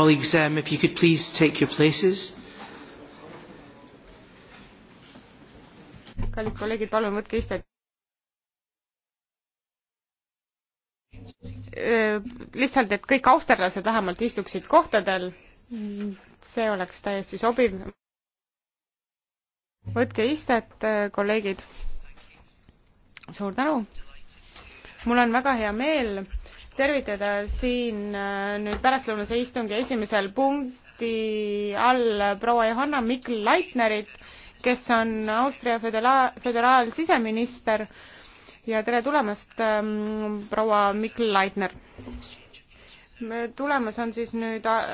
Colleagues, um, if you could please take your places. kallid kolleegid, palun võtke istet. Äh, lihtsalt, et kõik austerlased vähemalt istuksid kohtadel. see oleks täiesti sobiv. võtke istet, äh, kolleegid. suur tänu. mul on väga hea meel tervitada siin äh, nüüd pärastlõunase istungi esimesel punkti all proua Johanna Mikl-Leitnerit, kes on Austria födera-, föderaalsiseminister ja tere tulemast ähm,, proua Mikl-Leitner! tulemas on siis nüüd äh,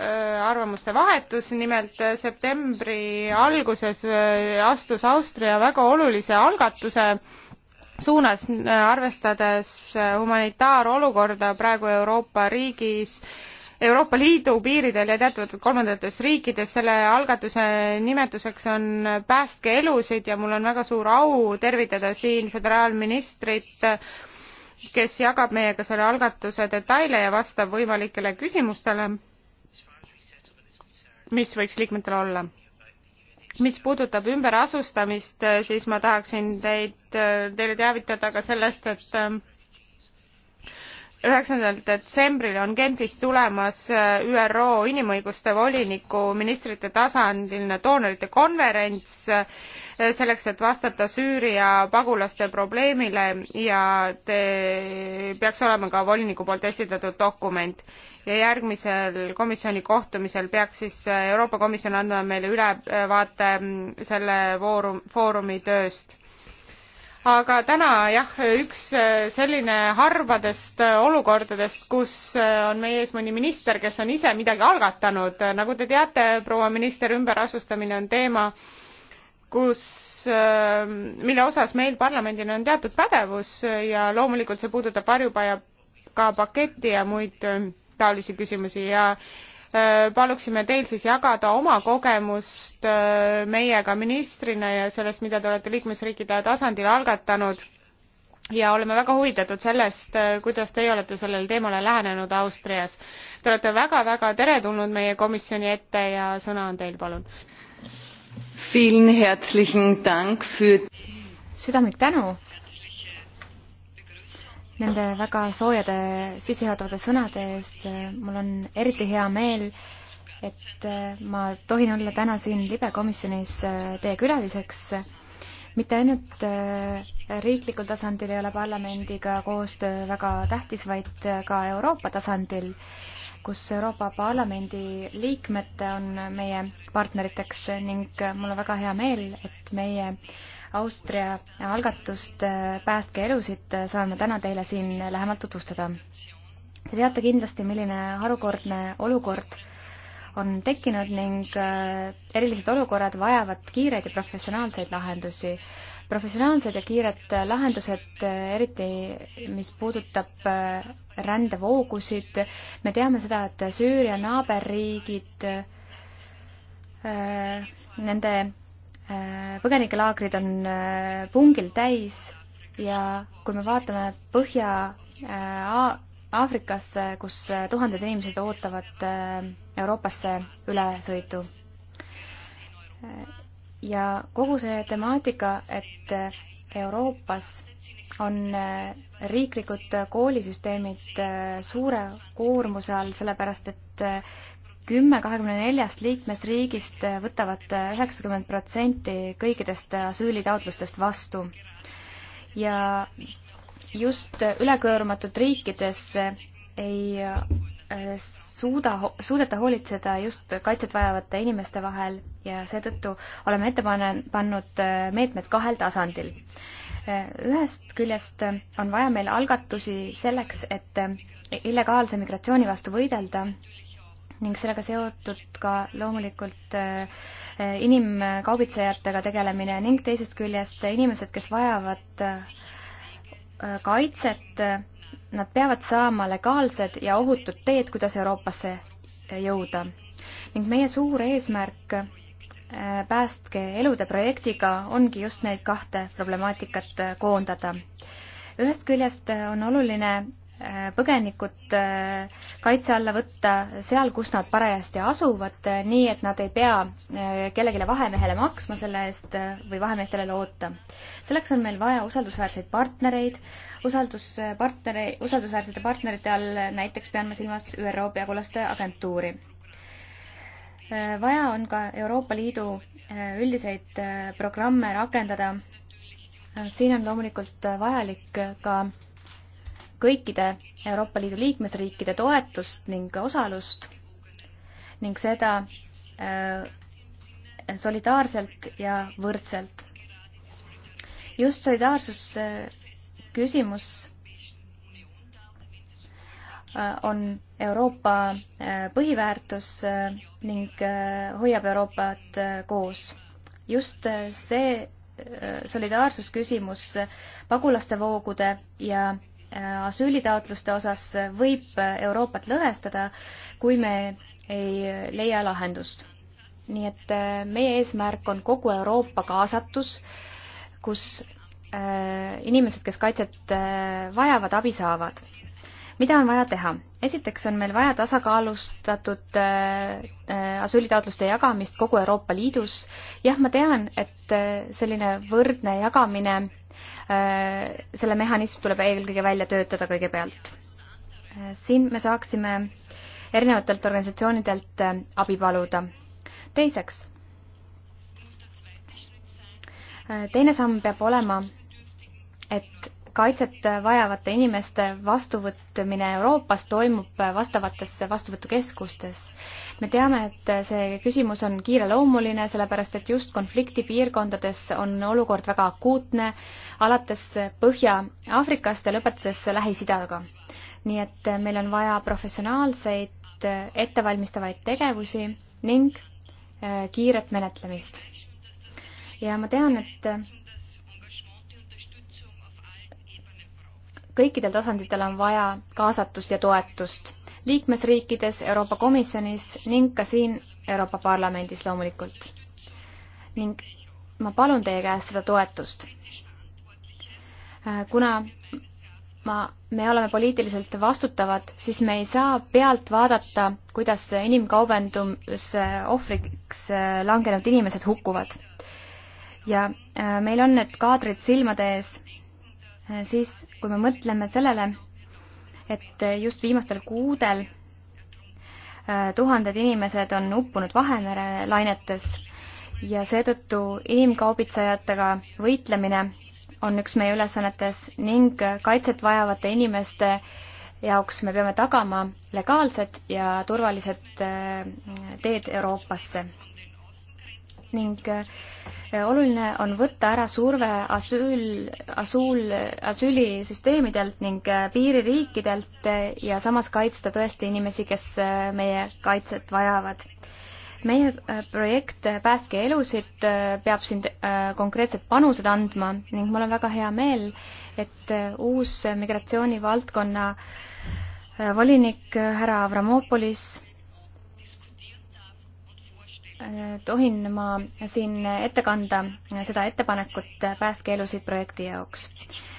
arvamuste vahetus, nimelt äh, septembri alguses astus Austria väga olulise algatuse äh, suunas, äh, arvestades äh, humanitaarolukorda praegu Euroopa riigis, Euroopa Liidu piiridel ja teatavates kolmandates riikides. selle algatuse nimetuseks on Päästke elusid ja mul on väga suur au tervitada siin föderaalministrit, kes jagab meiega selle algatuse detaile ja vastab võimalikele küsimustele, mis võiks liikmetel olla mis puudutab ümberasustamist, siis ma tahaksin teid, teile teavitada ka sellest, et üheksandal detsembril on Genfis tulemas äh, ÜRO inimõiguste voliniku ministrite tasandiline doonorite konverents äh, selleks, et vastata Süüria pagulaste probleemile ja te, peaks olema ka voliniku poolt esitatud dokument. ja järgmisel komisjoni kohtumisel peaks siis äh, Euroopa Komisjon andma meile ülevaate mm, selle vooru, foorumi tööst aga täna jah, üks äh, selline harvadest äh, olukordadest, kus äh, on meie ees mõni minister, kes on ise midagi algatanud. nagu te teate, proua minister, ümberasustamine on teema, kus, mille osas meil parlamendil on teatud pädevus ja loomulikult see puudutab varjupaja ka paketti ja muid taolisi küsimusi ja Äh, paluksime teil siis jagada oma kogemust äh, meiega ministrina ja sellest, mida te olete liikmesriikide tasandil algatanud. ja oleme väga huvitatud sellest, äh, kuidas teie olete sellele teemale lähenenud Austrias. Te olete väga-väga teretulnud meie komisjoni ette ja sõna on teil, palun. südamlik tänu nende väga soojade sissejuhatavate sõnade eest. mul on eriti hea meel, et ma tohin olla täna siin libekomisjonis äh, teie külaliseks. mitte ainult äh, riiklikul tasandil ei ole parlamendiga koostöö väga tähtis, vaid ka Euroopa tasandil, kus Euroopa Parlamendi liikmed on meie partneriteks ning mul on väga hea meel, et meie äh, Austria algatust äh, Päästke elusid äh, saan ma täna teile siin lähemalt tutvustada. Te teate kindlasti, milline harukordne olukord on tekkinud ning äh, erilised olukorrad vajavad kiireid ja professionaalseid lahendusi. professionaalsed ja kiired lahendused, eriti mis puudutab rändevoogusid, me teame seda, et Süüria naaberriigid, nende Äh, põgenikelaagrid on äh, pungil täis ja kui me vaatame Põhja-Aafrikasse, äh, kus tuhanded inimesed ootavad Euroopasse ülesõitu. ja kogu see temaatika, et Euroopas on riiklikud koolisüsteemid suure koormuse all, sellepärast et kümme kahekümne neljast liikmesriigist võtavad üheksakümmend protsenti kõikidest asüülitaotlustest vastu. ja just ülekoormatud riikides ei äh, suuda, suudeta hoolitseda just kaitset vajavate inimeste vahel ja seetõttu oleme ette pane-, pannud äh, meetmed kahel tasandil. Äh, ühest küljest on vaja meil algatusi selleks, et illegaalse migratsiooni vastu võidelda ning sellega seotud ka loomulikult äh, inimkaubitsejatega tegelemine ning teisest küljest inimesed, kes vajavad äh, kaitset, nad peavad saama legaalsed ja ohutud teed, kuidas Euroopasse äh, jõuda. ning meie suur eesmärk päästke elude projektiga ongi just neid kahte problemaatikat koondada. ühest küljest on oluline põgenikud äh, kaitse alla võtta seal, kus nad parajasti asuvad, äh, nii et nad ei pea äh, kellelegi vahemehele maksma selle eest või vahemeestele loota. selleks on meil vaja usaldusväärseid partnereid, usalduspartneri, usaldusväärsete partnerite all näiteks pean ma silmas ÜRO peakulaste agentuuri. vaja on ka Euroopa Liidu üldiseid programme rakendada, siin on loomulikult vajalik ka kõikide Euroopa Liidu liikmesriikide toetust ning osalust ning seda äh, solidaarselt ja võrdselt. just solidaarsus äh, küsimus äh, on Euroopa põhiväärtus ning hoiab Euroopat koos. just see solidaarsusküsimus pagulaste voogude ja asüülitaotluste osas võib Euroopat lõhestada, kui me ei leia lahendust. nii et äh, meie eesmärk on kogu Euroopa kaasatus, kus äh, inimesed, kes kaitset äh, vajavad, abi saavad. mida on vaja teha? esiteks on meil vaja tasakaalustatud asüülitaotluste jagamist kogu Euroopa Liidus. jah, ma tean, et selline võrdne jagamine Äh, selle mehhanism tuleb eelkõige välja töötada kõigepealt. Äh, siin me saaksime erinevatelt organisatsioonidelt äh, abi paluda. teiseks, teine samm peab olema kaitset vajavate inimeste vastuvõtmine Euroopas toimub vastavates vastuvõtukeskustes. me teame, et see küsimus on kiireloomuline, sellepärast et just konfliktipiirkondades on olukord väga akuutne, alates Põhja-Aafrikast ja lõpetades Lähis-Idaga. nii et meil on vaja professionaalseid ettevalmistavaid tegevusi ning äh, kiiret menetlemist. ja ma tean, et kõikidel tasanditel on vaja kaasatust ja toetust liikmesriikides, Euroopa Komisjonis ning ka siin Euroopa Parlamendis loomulikult. ning ma palun teie käest seda toetust. kuna ma, me oleme poliitiliselt vastutavad, siis me ei saa pealt vaadata, kuidas inimkaubanduse ohvriks langenud inimesed hukkuvad. ja äh, meil on need kaadrid silmade ees Äh, siis kui me mõtleme sellele, et just viimastel kuudel äh, tuhanded inimesed on uppunud Vahemere lainetes ja seetõttu inimkaubitsejatega võitlemine on üks meie ülesannetes ning kaitset vajavate inimeste jaoks me peame tagama legaalsed ja turvalised äh, teed Euroopasse ning äh, oluline on võtta ära surve asüül, asuul, asüülisüsteemidelt ning äh, piiririikidelt äh, ja samas kaitsta tõesti inimesi, kes meie kaitset vajavad meie projekt Päästke elusid peab siin konkreetsed panused andma ning mul on väga hea meel, et uus migratsioonivaldkonna volinik härra Avramopolis tohin ma siin ette kanda seda ettepanekut päästkeelusid projekti jaoks.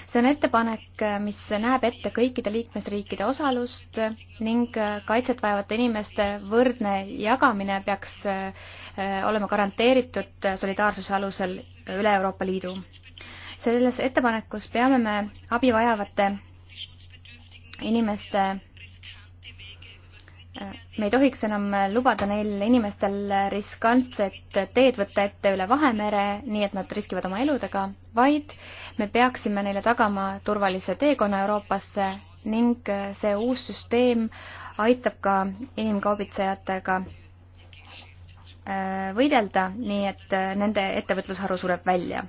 see on ettepanek, mis näeb ette kõikide liikmesriikide osalust ning kaitset vajavate inimeste võrdne jagamine peaks äh, olema garanteeritud solidaarsuse alusel üle Euroopa Liidu. selles ettepanekus peame me abi vajavate inimeste me ei tohiks enam lubada neil inimestel riskantset teed võtta ette üle Vahemere, nii et nad riskivad oma eludega, vaid me peaksime neile tagama turvalise teekonna Euroopasse ning see uus süsteem aitab ka inimkaubitsejatega äh, võidelda, nii et nende ettevõtlusharu sureb välja.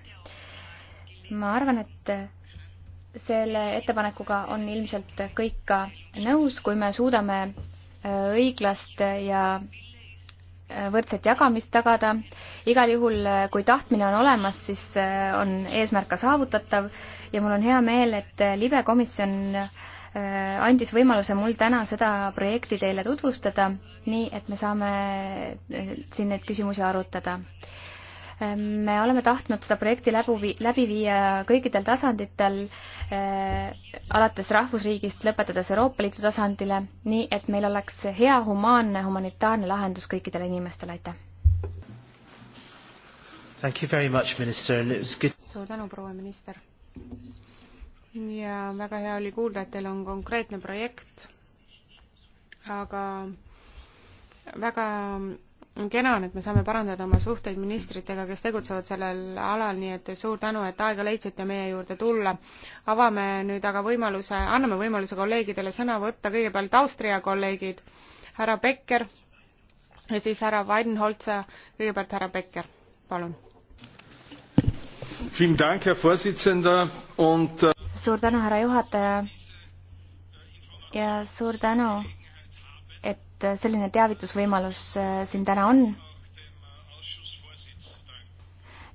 ma arvan, et selle ettepanekuga on ilmselt kõik ka nõus, kui me suudame õiglast ja võrdset jagamist tagada. igal juhul, kui tahtmine on olemas, siis äh, on eesmärk ka saavutatav ja mul on hea meel, et libe komisjon äh, andis võimaluse mul täna seda projekti teile tutvustada, nii et me saame äh, siin neid küsimusi arutada. Ehm, me oleme tahtnud seda projekti läbi, läbi viia kõikidel tasanditel, eh, alates rahvusriigist, lõpetades Euroopa Liidu tasandile, nii et meil oleks hea humaanne humanitaarne lahendus kõikidele inimestele, aitäh! Thank you very much, minister, and it was good suur tänu, proua minister! ja väga hea oli kuulda, et teil on konkreetne projekt, aga väga kena on, et me saame parandada oma suhteid ministritega, kes tegutsevad sellel alal, nii et suur tänu, et aega leidsite meie juurde tulla. avame nüüd aga võimaluse, anname võimaluse kolleegidele sõna võtta, kõigepealt Austria kolleegid, härra Becker ja siis härra Weidenholzer, kõigepealt härra Becker, palun. Äh suur tänu, härra juhataja ja suur tänu et äh, selline teavitusvõimalus äh, siin täna on.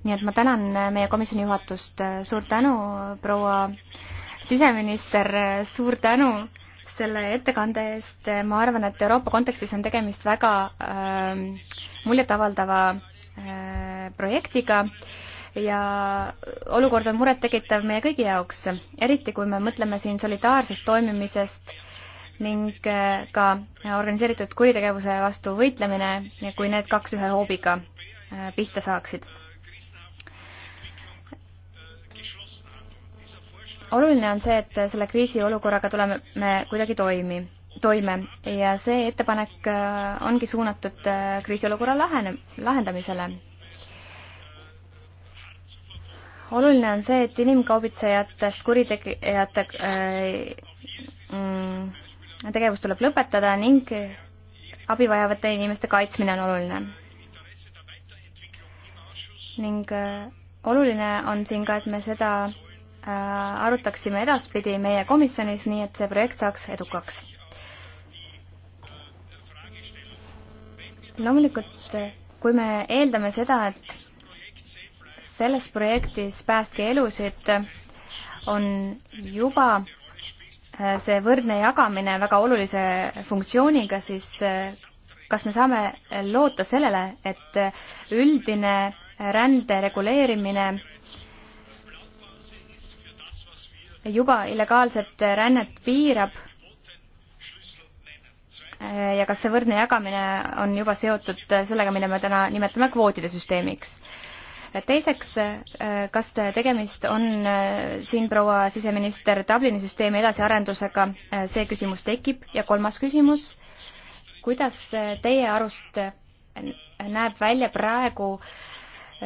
nii et ma tänan äh, meie komisjoni juhatust, suur tänu, proua siseminister, suur tänu selle ettekande eest, ma arvan, et Euroopa kontekstis on tegemist väga äh, muljetavaldava äh, projektiga ja olukord on murettekitav meie kõigi jaoks, eriti kui me mõtleme siin solidaarsest toimimisest äh, ning eh, ka organiseeritud kuritegevuse vastu võitlemine, kui need kaks ühe hoobiga eh, pihta saaksid. oluline on see, et selle kriisiolukorraga tuleme me kuidagi toimi, toime ja see ettepanek eh, ongi suunatud kriisiolukorra lahene, lahendamisele. oluline on see, et inimkaubitsejatest kuritegijate äh, mm, tegevus tuleb lõpetada ning abi vajavate inimeste kaitsmine on oluline. ning äh, oluline on siin ka, et me seda äh, arutaksime edaspidi meie komisjonis, nii et see projekt saaks edukaks. loomulikult, kui me eeldame seda, et selles projektis päästke elusid, on juba Äh, see võrdne jagamine väga olulise funktsiooniga, siis äh, kas me saame loota sellele, et äh, üldine rände reguleerimine juba illegaalset rännet piirab ja kas see võrdne jagamine on juba seotud sellega, mille me täna nimetame kvootide süsteemiks? teiseks, äh, kas tegemist on äh, siin proua siseminister Dublini süsteemi edasiarendusega, äh, see küsimus tekib ja kolmas küsimus, kuidas teie arust näeb välja praegu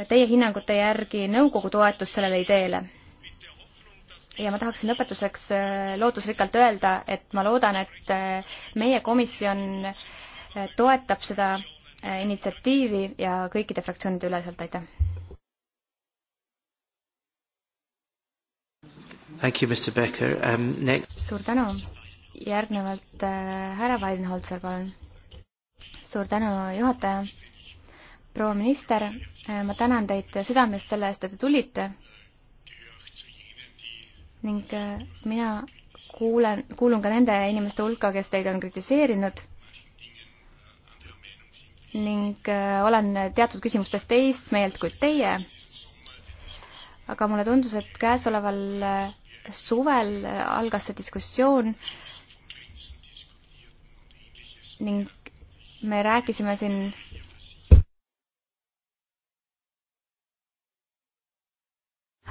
teie hinnangute järgi nõukogu toetus sellele ideele? ja ma tahaksin lõpetuseks lootusrikkalt öelda, et ma loodan, et meie komisjon toetab seda initsiatiivi ja kõikide fraktsioonide üleselt, aitäh! Thank you, Mr Becker um,. Next... suur tänu. järgnevalt äh, härra Weidenholzer, palun. suur tänu, juhataja. proua minister äh,, ma tänan teid südamest selle eest, et te tulite. ning äh, mina kuulen, kuulun ka nende inimeste hulka, kes teid on kritiseerinud ning äh, olen teatud küsimustes teist meelt kui teie. aga mulle tundus, et käesoleval äh, suvel algas see diskussioon ning me rääkisime siin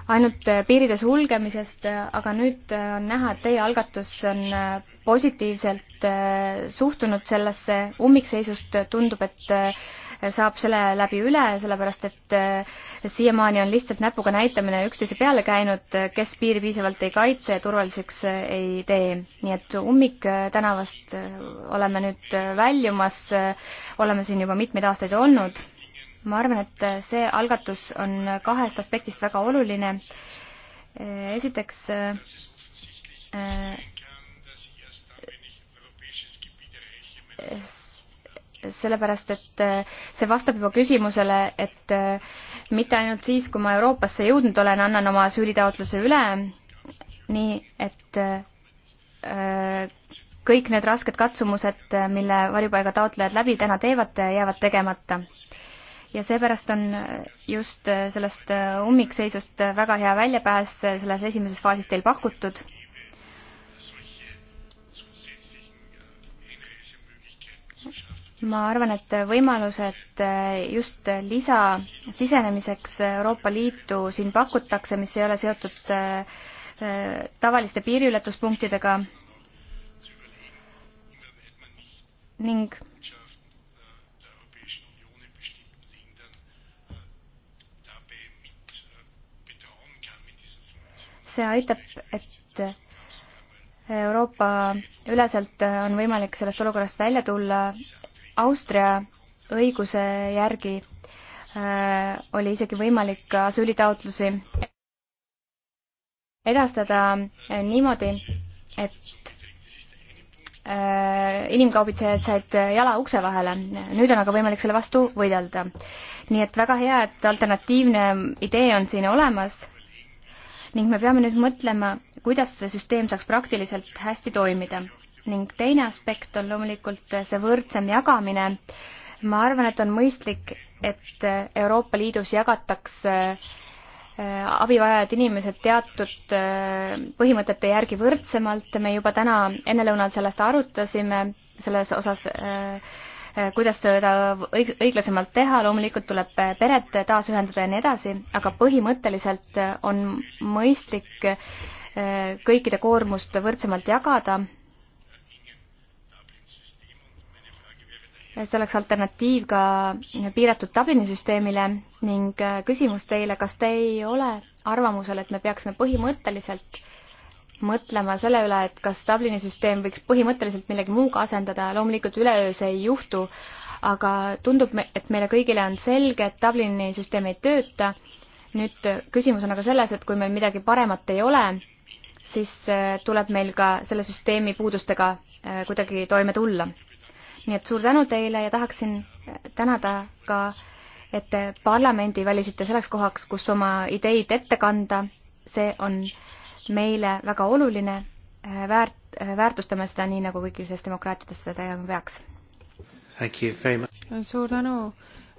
ainult piiride sulgemisest, aga nüüd on näha, et teie algatus on positiivselt suhtunud sellesse ummikseisust, tundub, et saab selle läbi üle, sellepärast et äh, siiamaani on lihtsalt näpuga näitamine üksteise peale käinud, kes piiri piisavalt ei kaitse ja turvaliseks äh, ei tee. nii et ummik äh, tänavast oleme nüüd väljumas, oleme siin juba mitmeid aastaid olnud. ma arvan, et see algatus on kahest aspektist väga oluline. esiteks sellepärast et äh, see vastab juba küsimusele, et äh, mitte ainult siis, kui ma Euroopasse jõudnud olen, annan oma asüülitaotluse üle, nii et äh, kõik need rasked katsumused, mille varjupaiga taotlejad läbi täna teevad, jäävad tegemata. ja seepärast on just sellest ummikseisust väga hea väljapääs selles esimeses faasis teil pakutud ma arvan, et võimalused äh, just lisa sisenemiseks Euroopa Liitu siin pakutakse, mis ei ole seotud äh, äh, tavaliste piiriületuspunktidega ning see aitab, et Euroopa üleselt on võimalik sellest olukorrast välja tulla Austria õiguse järgi äh, oli isegi võimalik asüülitaotlusi edastada äh, niimoodi, et äh, inimkaubitsejad said jala ukse vahele. nüüd on aga võimalik selle vastu võidelda. nii et väga hea, et alternatiivne idee on siin olemas ning me peame nüüd mõtlema, kuidas see süsteem saaks praktiliselt hästi toimida ning teine aspekt on loomulikult see võrdsem jagamine. ma arvan, et on mõistlik, et Euroopa Liidus jagatakse äh, abivajajad inimesed teatud äh, põhimõtete järgi võrdsemalt, me juba täna ennelõunal sellest arutasime, selles osas äh, kuidas seda õiglasemalt teha, loomulikult tuleb pered taasühendada ja nii edasi, aga põhimõtteliselt on mõistlik kõikide koormust võrdsemalt jagada see oleks alternatiiv ka piiratud Dublini süsteemile ning äh, küsimus teile, kas te ei ole arvamusel, et me peaksime põhimõtteliselt mõtlema selle üle, et kas Dublini süsteem võiks põhimõtteliselt millegi muuga asendada, loomulikult üleöö see ei juhtu, aga tundub, et meile kõigile on selge, et Dublini süsteem ei tööta. nüüd küsimus on aga selles, et kui meil midagi paremat ei ole, siis äh, tuleb meil ka selle süsteemi puudustega äh, kuidagi toime tulla nii et suur tänu teile ja tahaksin tänada ka, et te parlamendi valisite selleks kohaks, kus oma ideid ette kanda. see on meile väga oluline, äh, väärt, äh, väärtustame seda nii, nagu kõikides demokraatiades seda tegema peaks. suur tänu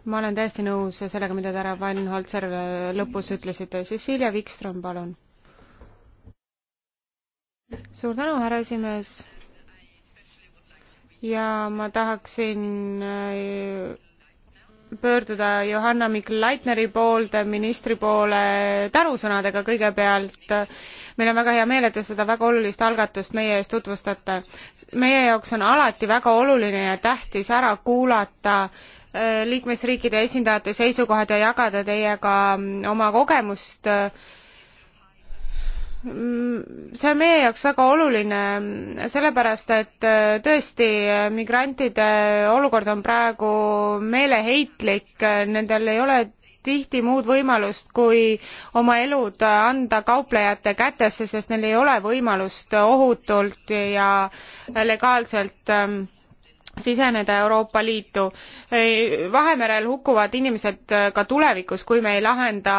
ma olen täiesti nõus sellega, mida te härra Weinholzer äh, lõpus ütlesite. Cecilia Wikström, palun. suur tänu, härra esimees ja ma tahaksin äh, pöörduda Johanna Mikl-Leitneri poolde, ministri poole tänusõnadega kõigepealt. meil on väga hea meel, et te seda väga olulist algatust meie ees tutvustate. meie jaoks on alati väga oluline ja tähtis ära kuulata äh, liikmesriikide esindajate seisukohad ja jagada teiega oma kogemust äh, see on meie jaoks väga oluline, sellepärast et äh, tõesti, äh, migrantide olukord on praegu meeleheitlik, äh, nendel ei ole tihti muud võimalust, kui oma elud anda kauplejate kätesse, sest neil ei ole võimalust ohutult ja legaalselt ähm, siseneda Euroopa Liitu. Vahemerel hukkuvad inimesed ka tulevikus, kui me ei lahenda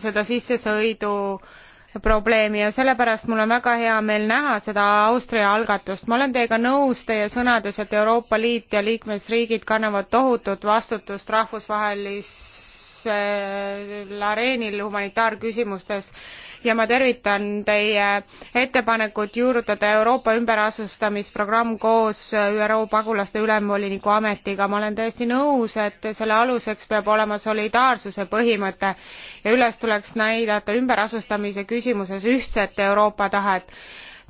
seda sissesõidu äh, probleemi ja sellepärast mul on väga hea meel näha seda Austria algatust. ma olen teiega nõus teie sõnades, et Euroopa Liit ja liikmesriigid kannavad tohutut vastutust rahvusvahelist rahvusvahelisel äh, areenil humanitaarküsimustes ja ma tervitan teie ettepanekut juurutada Euroopa ümberasustamisprogramm koos äh, ÜRO pagulaste ülemvoliniku ametiga. ma olen täiesti nõus, et selle aluseks peab olema solidaarsuse põhimõte ja üles tuleks näidata ümberasustamise küsimuses ühtset Euroopa tahet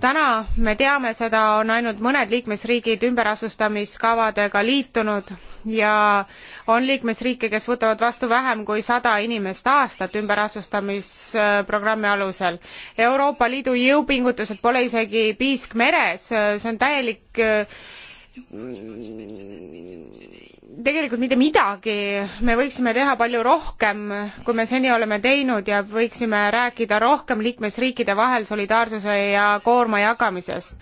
täna me teame seda on ainult mõned liikmesriigid ümberasustamiskavadega liitunud ja on liikmesriike kes võtavad vastu vähem kui sada inimest aastat ümberasustamisprogrammi alusel euroopa liidu jõupingutused pole isegi piisk meres see on täielik Mm, tegelikult mitte midagi me võiksime teha palju rohkem kui me seni oleme teinud ja võiksime rääkida rohkem liikmesriikide vahel solidaarsuse ja koorma jagamisest.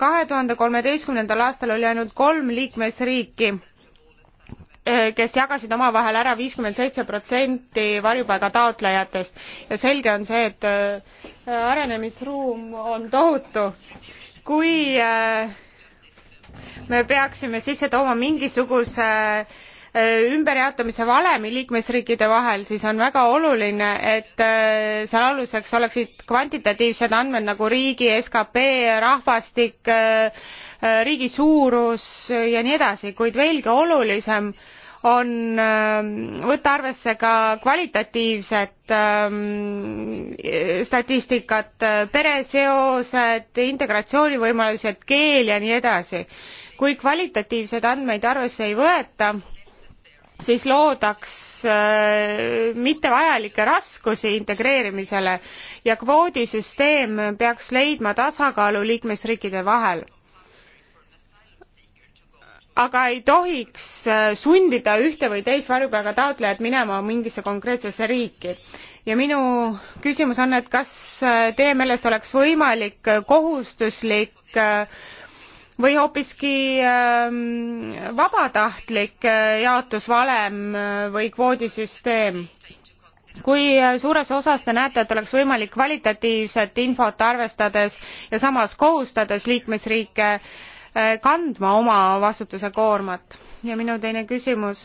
2013. aastal oli ainult kolm liikmesriiki eh, kes jagasid omavahel ära 57% varjupaiga taotlejatest ja selge on see et eh, arenemisruum on tohutu kui eh, me peaksime sisse tooma mingisuguse äh, ümberjaotamise valemi liikmesriikide vahel siis on väga oluline et äh, seal aluseks oleksid kvantitatiivsed andmed nagu riigi skp rahvastik äh, riigi suurus ja nii edasi kuid veelgi olulisem on on ähm, võtta arvesse ka kvalitatiivset ähm, statistikat, pereseosed, integratsioonivõimalused, keel ja nii edasi. kui kvalitatiivseid andmeid arvesse ei võeta, siis loodaks äh, mittevajalikke raskusi integreerimisele ja kvoodisüsteem peaks leidma tasakaalu liikmesriikide vahel aga ei tohiks äh, sundida ühte või teist varjupaiga taotlejat minema mingisse konkreetsesse riiki ja minu küsimus on et kas äh, teie meelest oleks võimalik äh, kohustuslik või hoopiski ähm, vabatahtlik jaotusvalem või kvoodisüsteem kui suures osas te näete et oleks võimalik kvalitatiivset infot arvestades ja samas kohustades liikmesriike Äh, kandma oma vastutuse koormat. ja minu teine küsimus,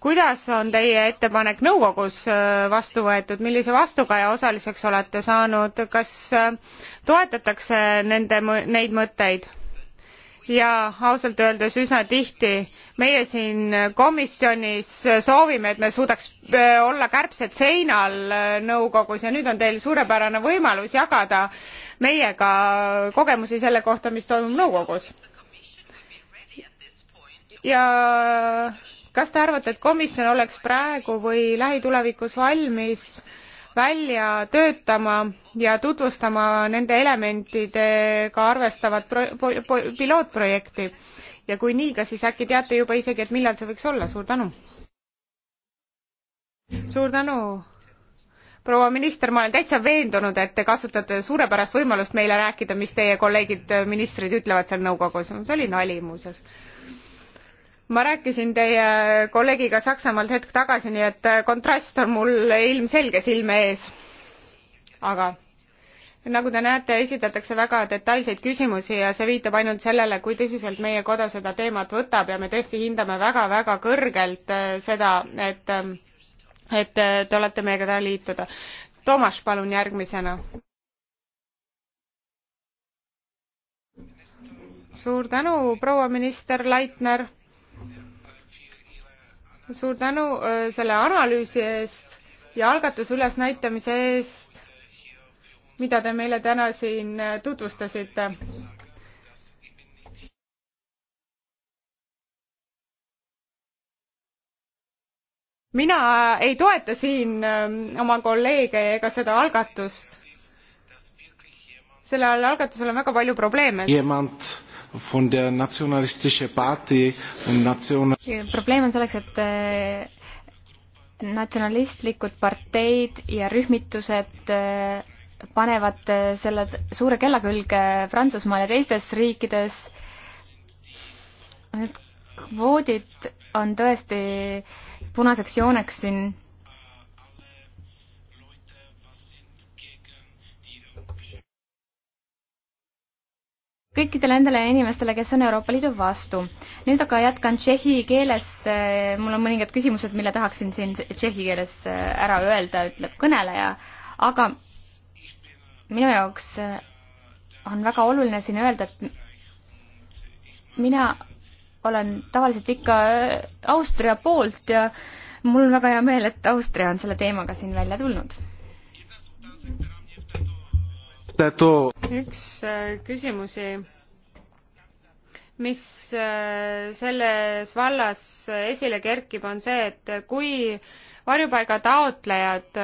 kuidas on teie ettepanek nõukogus äh, vastu võetud, millise vastukaja osaliseks olete saanud, kas äh, toetatakse nende, neid mõtteid? ja ausalt öeldes üsna tihti meie siin komisjonis soovime et me suudaks olla kärbsed seinal nõukogus ja nüüd on teil suurepärane võimalus jagada meiega kogemusi selle kohta mis toimub nõukogus ja kas te arvate, et komisjon oleks praegu või lähitulevikus valmis välja töötama ja tutvustama nende elementidega arvestavat pilootprojekti ja kui nii, kas siis äkki teate juba isegi, et millal see võiks olla, suur tänu. suur tänu, proua minister, ma olen täitsa veendunud, et te kasutate suurepärast võimalust meile rääkida, mis teie kolleegid ministrid ütlevad seal nõukogus, see oli nali muuseas ma rääkisin teie kolleegiga Saksamaalt hetk tagasi, nii et kontrast on mul ilmselge silme ees. aga nagu te näete, esitatakse väga detailseid küsimusi ja see viitab ainult sellele, kui tõsiselt meie koda seda teemat võtab ja me tõesti hindame väga-väga kõrgelt äh, seda, et, ähm, et äh, te olete meiega täna liituda. Toomas, palun järgmisena. suur tänu, proua minister Laitner suur tänu äh, selle analüüsi eest ja algatuse ülesnäitamise eest, mida te meile täna siin äh, tutvustasite. mina äh, ei toeta siin ähm, oma kolleege ega seda algatust. sellel algatusel on väga palju probleeme. jemand von der nationalistische Party und national probleem on selleks, et äh, natsionalistlikud parteid ja rühmitused äh, panevad äh, selle suure kella külge Prantsusmaal ja teistes riikides. Need kvoodid on tõesti punaseks jooneks siin kõikidele nendele inimestele, kes on Euroopa Liidu vastu. nüüd aga jätkan tšehhi keeles, mul on mõningad küsimused, mille tahaksin siin tšehhi keeles ära öelda, ütleb kõneleja, aga minu jaoks on väga oluline siin öelda, et mina olen tavaliselt ikka Austria poolt ja mul on väga hea meel, et Austria on selle teemaga siin välja tulnud Tato... üks äh, küsimusi mis äh, selles vallas äh, esile kerkib, on see, et kui varjupaiga taotlejad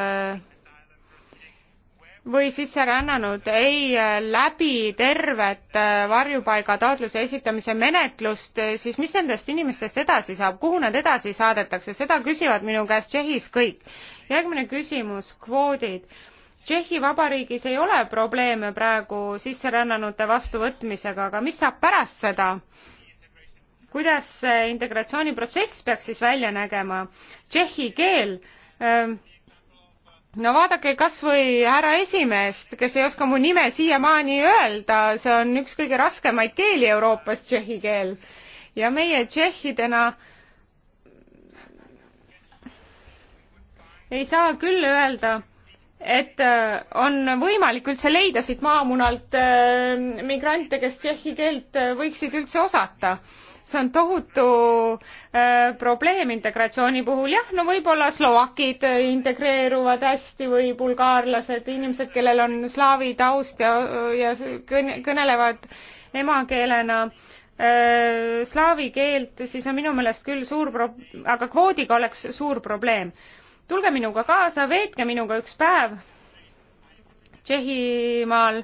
või sisserännanud ei läbi tervet varjupaiga taotluse esitamise menetlust, siis mis nendest inimestest edasi saab, kuhu nad edasi saadetakse, seda küsivad minu käest Tšehhis kõik. järgmine küsimus, kvoodid Tšehhi Vabariigis ei ole probleeme praegu sisserännanute vastuvõtmisega, aga mis saab pärast seda? kuidas see integratsiooniprotsess peaks siis välja nägema? Tšehhi keel ähm, no vaadake kas või härra esimeest kes ei oska mu nime siiamaani öelda see on üks kõige raskemaid keeli euroopas tšehhi keel ja meie tšehhidena ei saa küll öelda et äh, on võimalik üldse leida siit maamunalt äh, migrante, kes tšehhi keelt äh, võiksid üldse osata. see on tohutu probleem integratsiooni puhul, jah, no võib-olla slovakid integreeruvad hästi või bulgaarlased, inimesed, kellel on slaavi taust ja, ja kõnelevad emakeelena slaavi keelt, siis on minu meelest küll suur pro-, aga kvoodiga oleks suur probleem tulge minuga kaasa, veetke minuga üks päev Tšehhimaal.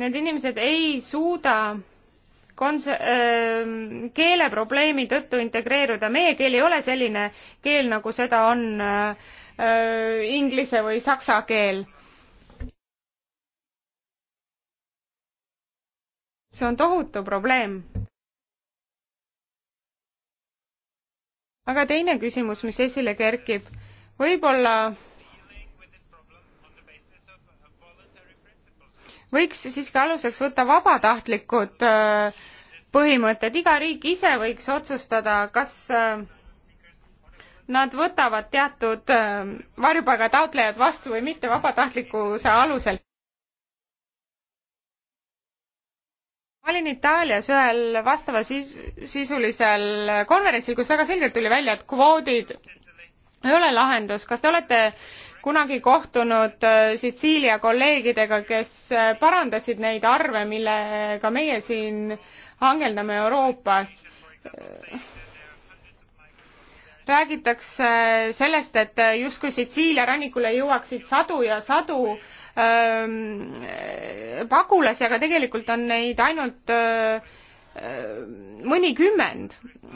Need inimesed ei suuda kons- äh,, keeleprobleemi tõttu integreeruda, meie keel ei ole selline keel, nagu seda on äh, inglise või saksa keel. see on tohutu probleem. aga teine küsimus, mis esile kerkib, võib-olla võiks siiski aluseks võtta vabatahtlikud äh, põhimõtted, iga riik ise võiks otsustada, kas äh, nad võtavad teatud äh, varjupaiga taotlejad vastu või mitte vabatahtlikkuse alusel. ma olin Itaalias ühel vastava sis sisulisel konverentsil, kus väga selgelt tuli välja, et kvoodid ei ole lahendus. kas te olete kunagi kohtunud äh, Sitsiilia kolleegidega, kes äh, parandasid neid arve, millega meie siin hangeldame Euroopas? Äh, räägitakse sellest, et justkui Sitsiilia rannikule jõuaksid sadu ja sadu ähm, pagulasi, aga tegelikult on neid ainult äh, äh mõnikümmend.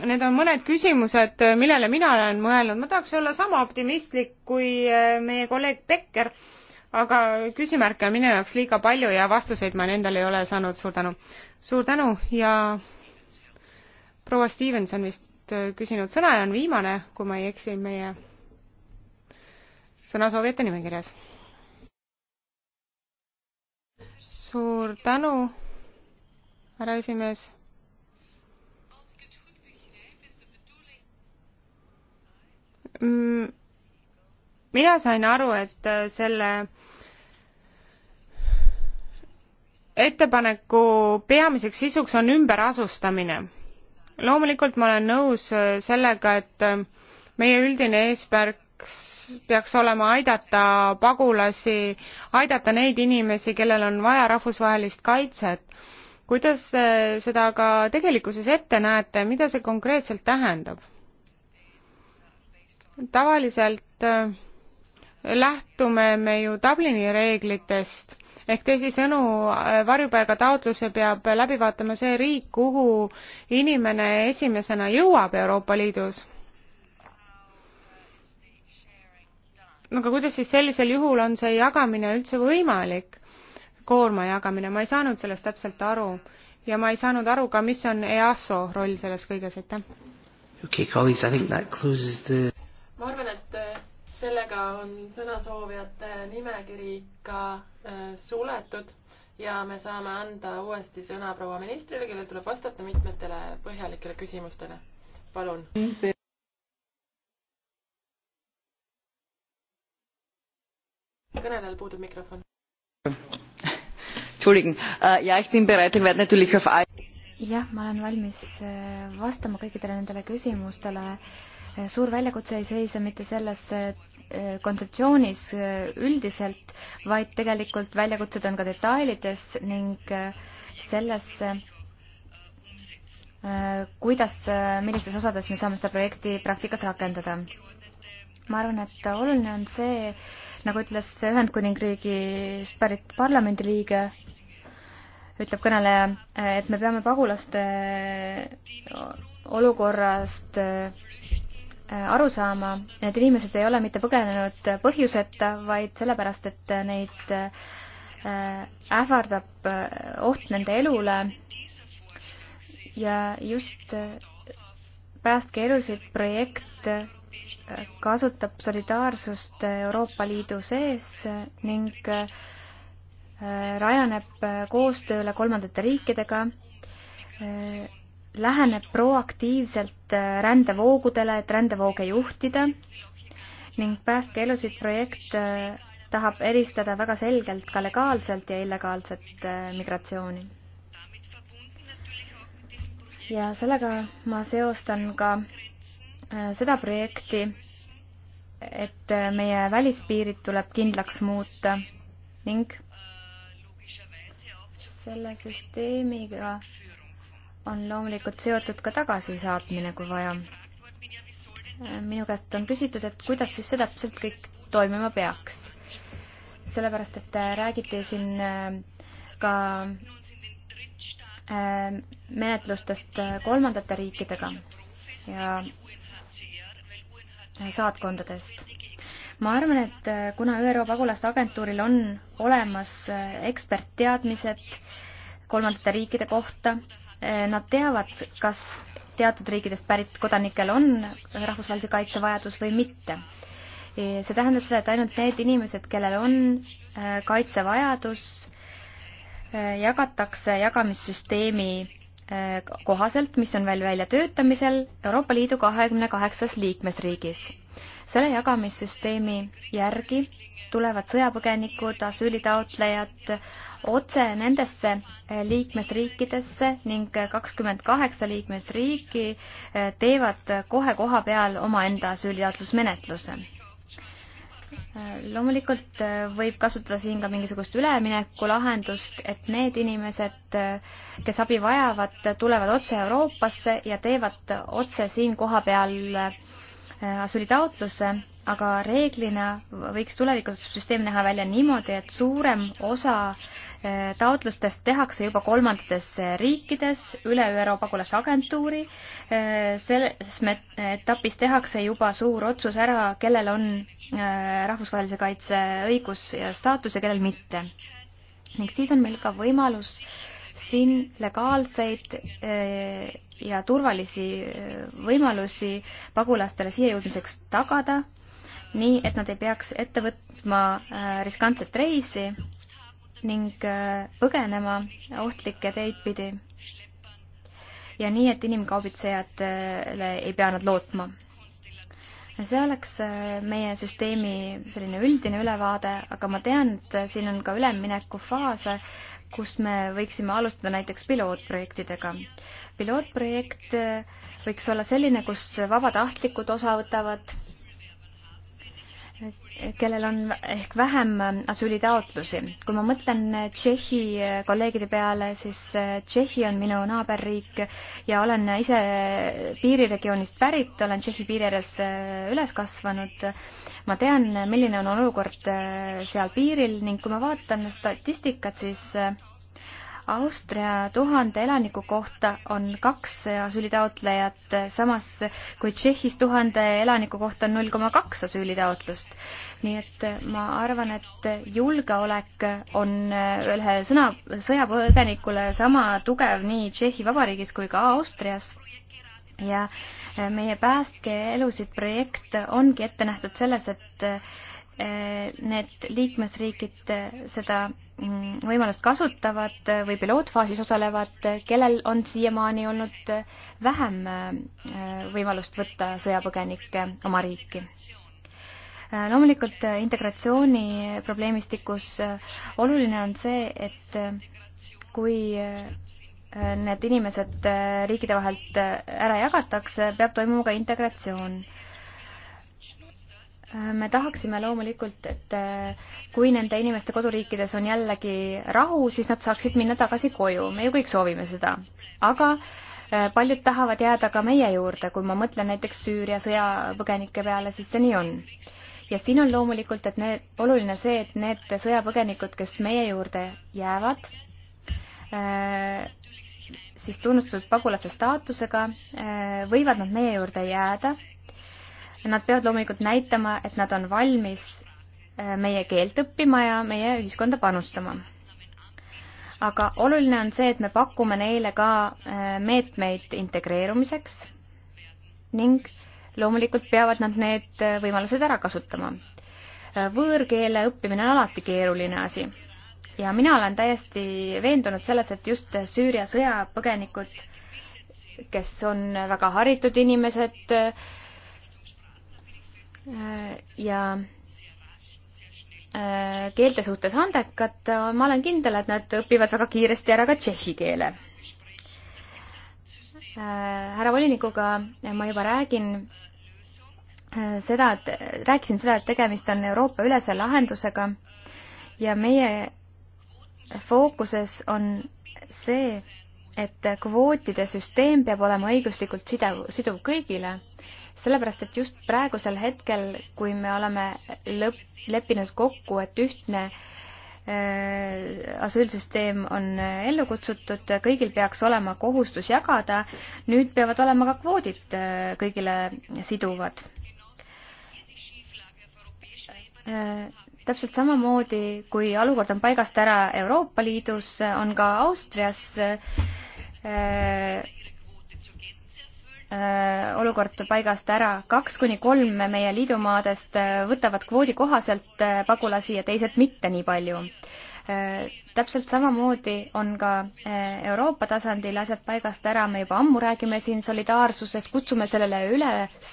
Need on mõned küsimused, millele mina olen mõelnud. ma tahaks olla sama optimistlik kui äh, meie kolleeg Becker, aga küsimärke on minu jaoks liiga palju ja vastuseid ma endale ei ole saanud. suur tänu. suur tänu ja proua Stevenson vist nüüd äh, küsinud sõna ja on viimane, kui ma ei eksi, meie sõnasoovijate nimekirjas. suur tänu, härra esimees. Mm, mina sain aru, et äh, selle ettepaneku peamiseks sisuks on ümberasustamine loomulikult ma olen nõus äh, sellega, et äh, meie üldine eesmärk peaks olema aidata pagulasi, aidata neid inimesi, kellel on vaja rahvusvahelist kaitset. kuidas seda aga tegelikkuses ette näete, mida see konkreetselt tähendab? tavaliselt äh, lähtume me ju Dublini reeglitest ehk teisisõnu, äh, varjupaigataotluse peab läbi vaatama see riik, kuhu inimene esimesena jõuab Euroopa Liidus. aga kuidas siis sellisel juhul on see jagamine üldse võimalik, koorma jagamine, ma ei saanud sellest täpselt aru ja ma ei saanud aru ka, mis on EASO roll selles kõiges, aitäh. okei okay,, kolleegid, I think that closes the ma arvan, et äh, sellega on sõnasoovijate nimekiri ka äh, suletud ja me saame anda uuesti sõna proua ministrile, kellel tuleb vastata mitmetele põhjalikele küsimustele. palun. kõnelejal puudub mikrofon. Äh, jah, ma olen valmis äh, vastama kõikidele nendele küsimustele suur väljakutse ei seisa mitte selles äh, kontseptsioonis äh, üldiselt, vaid tegelikult väljakutsed on ka detailides ning äh, selles, kuidas, millistes osades me saame seda projekti praktikas rakendada. ma arvan, et oluline on see, nagu ütles Ühendkuningriigist pärit parlamendiliige, ütleb kõneleja, et me peame pagulaste olukorrast aru saama, need inimesed ei ole mitte põgenenud põhjuseta, vaid sellepärast, et neid äh, ähvardab äh, oht nende elule. ja just äh, Päästke elusid projekt kasutab solidaarsust Euroopa Liidu sees ning rajaneb koostööle kolmandate riikidega läheneb proaktiivselt äh, rändevoogudele, et rändevooge juhtida ning Päästke elusid projekt äh, tahab eristada väga selgelt ka legaalselt ja illegaalset äh, migratsiooni. ja sellega ma seostan ka seda projekti, et meie välispiirid tuleb kindlaks muuta ning selle süsteemiga on loomulikult seotud ka tagasisaatmine, kui vaja. minu käest on küsitud, et kuidas siis see täpselt kõik toimima peaks. sellepärast, et äh, räägiti siin äh, ka äh, menetlustest kolmandate riikidega ja saatkondadest. ma arvan, et kuna ÜRO pagulasagentuuril on olemas ekspertteadmised kolmandate riikide kohta, Eh, nad teavad, kas teatud riikidest pärit kodanikel on rahvusvahelise kaitse vajadus või mitte. Eh, see tähendab seda, et ainult need inimesed, kellel on eh, kaitsevajadus, jagatakse jagamissüsteemi kohaselt, mis on veel väljatöötamisel Euroopa Liidu kahekümne kaheksas liikmesriigis. selle jagamissüsteemi järgi tulevad sõjapõgenikud, asüülitaotlejad otse nendesse eh, liikmesriikidesse ning kakskümmend kaheksa liikmesriiki eh, teevad kohe koha peal omaenda asüülitaotlusmenetluse. Eh, loomulikult võib kasutada siin ka mingisugust üleminekulahendust, et need inimesed, kes abi vajavad, tulevad otse Euroopasse ja teevad otse siin kohapeal asüülitaotluse aga reeglina võiks tulevikus süsteem näha välja niimoodi, et suurem osa eh, taotlustest tehakse juba kolmandates eh, riikides üle ÜRO pagulasagentuuri. Eh, selles etapis tehakse juba suur otsus ära, kellel on rahvusvahelise kaitse õigus ja staatus ja kellel mitte. ning siis on meil ka võimalus siin legaalseid ja turvalisi võimalusi pagulastele siia jõudmiseks tagada nii et nad ei peaks ette võtma äh, riskantset reisi ning äh, põgenema ohtlikke teid pidi. ja nii, et inimkaubitsejatele ei pea nad lootma. see oleks äh, meie süsteemi selline üldine ülevaade, aga ma tean, et siin on ka üleminekufaase, kus me võiksime alustada näiteks pilootprojektidega. pilootprojekt võiks olla selline, kus vabatahtlikud osa võtavad kellel on ehk vähem asüülitaotlusi. kui ma mõtlen Tšehhi kolleegide peale, siis eh, Tšehhi on minu naaberriik ja olen ise piiriregioonist pärit, olen Tšehhi piiri ääres eh, üles kasvanud. ma tean, milline on olukord eh, seal piiril ning kui ma vaatan statistikat, siis Austria tuhande elaniku kohta on kaks asüülitaotlejat, samas kui Tšehhis tuhande elaniku kohta on null koma kaks asüülitaotlust. nii et ma arvan, et julgeolek on ühe sõna, sõjapõgenikule sama tugev nii Tšehhi Vabariigis kui ka Austrias ja meie päästke elusid projekt ongi ette nähtud selles, et Eh, need liikmesriigid eh, seda mm, võimalust kasutavad eh, või pilootfaasis osalevad, kellel on siiamaani olnud vähem võimalust võtta sõjapõgenikke oma riiki. loomulikult integratsiooni probleemistikus oluline on see, et kui need inimesed riikide vahelt ära jagatakse, peab toimuma ka integratsioon me tahaksime loomulikult, et eh, kui nende inimeste koduriikides on jällegi rahu, siis nad saaksid minna tagasi koju, me ju kõik soovime seda. aga eh, paljud tahavad jääda ka meie juurde, kui ma mõtlen näiteks Süüria sõjapõgenike peale, siis see nii on. ja siin on loomulikult, et need, oluline see, et need sõjapõgenikud, kes meie juurde jäävad, eh, siis tunnustatud pagulase staatusega, võivad nad meie juurde jääda Nad peavad loomulikult näitama, et nad on valmis äh, meie keelt õppima ja meie ühiskonda panustama. aga oluline on see, et me pakume neile ka äh, meetmeid integreerumiseks ning loomulikult peavad nad need äh, võimalused ära kasutama. võõrkeele õppimine on alati keeruline asi ja mina olen täiesti veendunud selles, et just Süüria sõjapõgenikud, kes on väga haritud inimesed, ja äh, keelte suhtes andekad, ma olen kindel, et nad õpivad väga kiiresti ära ka tšehhi keele. Äh, härra volinikuga ma juba räägin äh, seda, et rääkisin seda, et tegemist on Euroopa-ülese lahendusega ja meie fookuses on see, et kvootide süsteem peab olema õiguslikult sidev, siduv kõigile sellepärast, et just praegusel hetkel, kui me oleme lõpp, leppinud kokku, et ühtne äh, asüülsüsteem on äh, ellu kutsutud, kõigil peaks olema kohustus jagada, nüüd peavad olema ka kvoodid äh, kõigile siduvad. täpselt samamoodi, kui olukord on paigast ära Euroopa Liidus, on ka Austrias Äh, olukord paigast ära. kaks kuni kolm meie liidumaadest äh, võtavad kvoodi kohaselt äh, pagulasi ja teised mitte nii palju. Täpselt samamoodi on ka Euroopa tasandil asjad paigast ära, me juba ammu räägime siin solidaarsusest, kutsume sellele üles,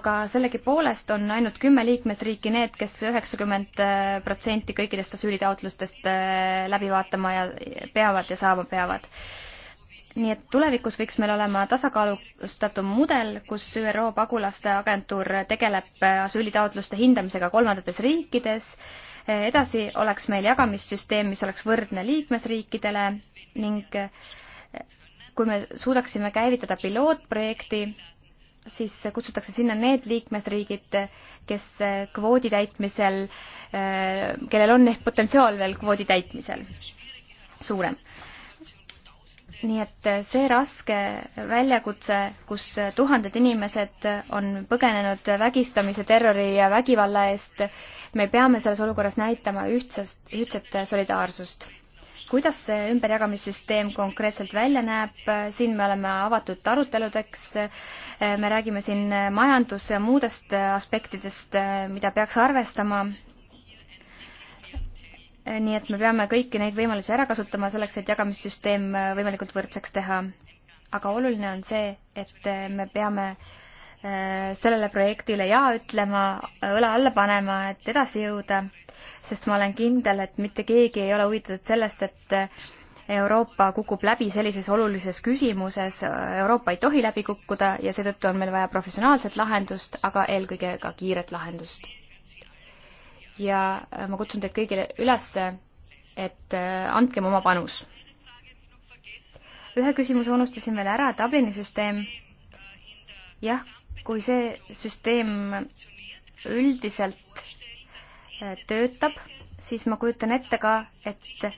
aga sellegipoolest on ainult kümme liikmesriiki need kes, kes üheksakümmend protsenti kõikidest asüülitaotlustest läbi vaatama ja peavad ja saama peavad nii et tulevikus võiks meil olema tasakaalustatum mudel, kus ÜRO pagulaste agentuur tegeleb asüülitaotluste hindamisega kolmandates riikides, edasi oleks meil jagamissüsteem, mis oleks võrdne liikmesriikidele ning kui me suudaksime käivitada pilootprojekti, siis kutsutakse sinna need liikmesriigid, kes kvoodi täitmisel, kellel on ehk potentsiaal veel kvoodi täitmisel suurem nii et see raske väljakutse, kus tuhanded inimesed on põgenenud vägistamise, terrori ja vägivalla eest, me peame selles olukorras näitama ühtsest, ühtset solidaarsust. kuidas see ümberjagamissüsteem konkreetselt välja näeb, siin me oleme avatud aruteludeks, me räägime siin majandus- ja muudest aspektidest, mida peaks arvestama Eh, nii et me peame kõiki neid võimalusi ära kasutama selleks, et jagamissüsteem eh, võimalikult võrdseks teha. aga oluline on see, et eh, me peame sellele projektile ja ütlema, õla alla panema, et edasi jõuda, sest ma olen kindel, et mitte keegi ei ole huvitatud sellest, et Euroopa kukub läbi sellises olulises küsimuses, Euroopa ei tohi läbi kukkuda ja seetõttu on meil vaja professionaalset lahendust, aga eelkõige ka kiiret lahendust ja äh, ma kutsun teid kõigile üles, et äh, andkem oma panus. ühe küsimuse unustasin veel ära, Dublini süsteem. jah, kui see süsteem üldiselt äh, töötab, siis ma kujutan ette ka, et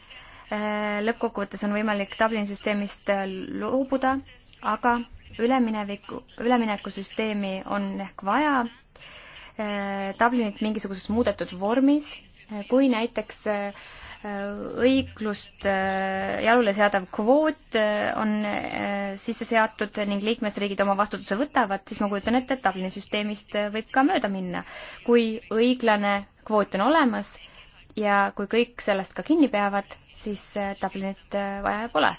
lõppkokkuvõttes on võimalik Dublini süsteemist loobuda, aga ülemineviku, üleminekusüsteemi on ehk vaja Äh, Dublinit mingisuguses muudetud vormis, äh, kui näiteks äh, õiglust jalule seadav kvoot on sisse seatud ning liikmesriigid oma vastutuse võtavad, siis ma kujutan ette, et Dublini süsteemist võib ka mööda minna. kui õiglane kvoot on olemas ja kui kõik sellest ka kinni peavad, siis Dublinit vaja pole.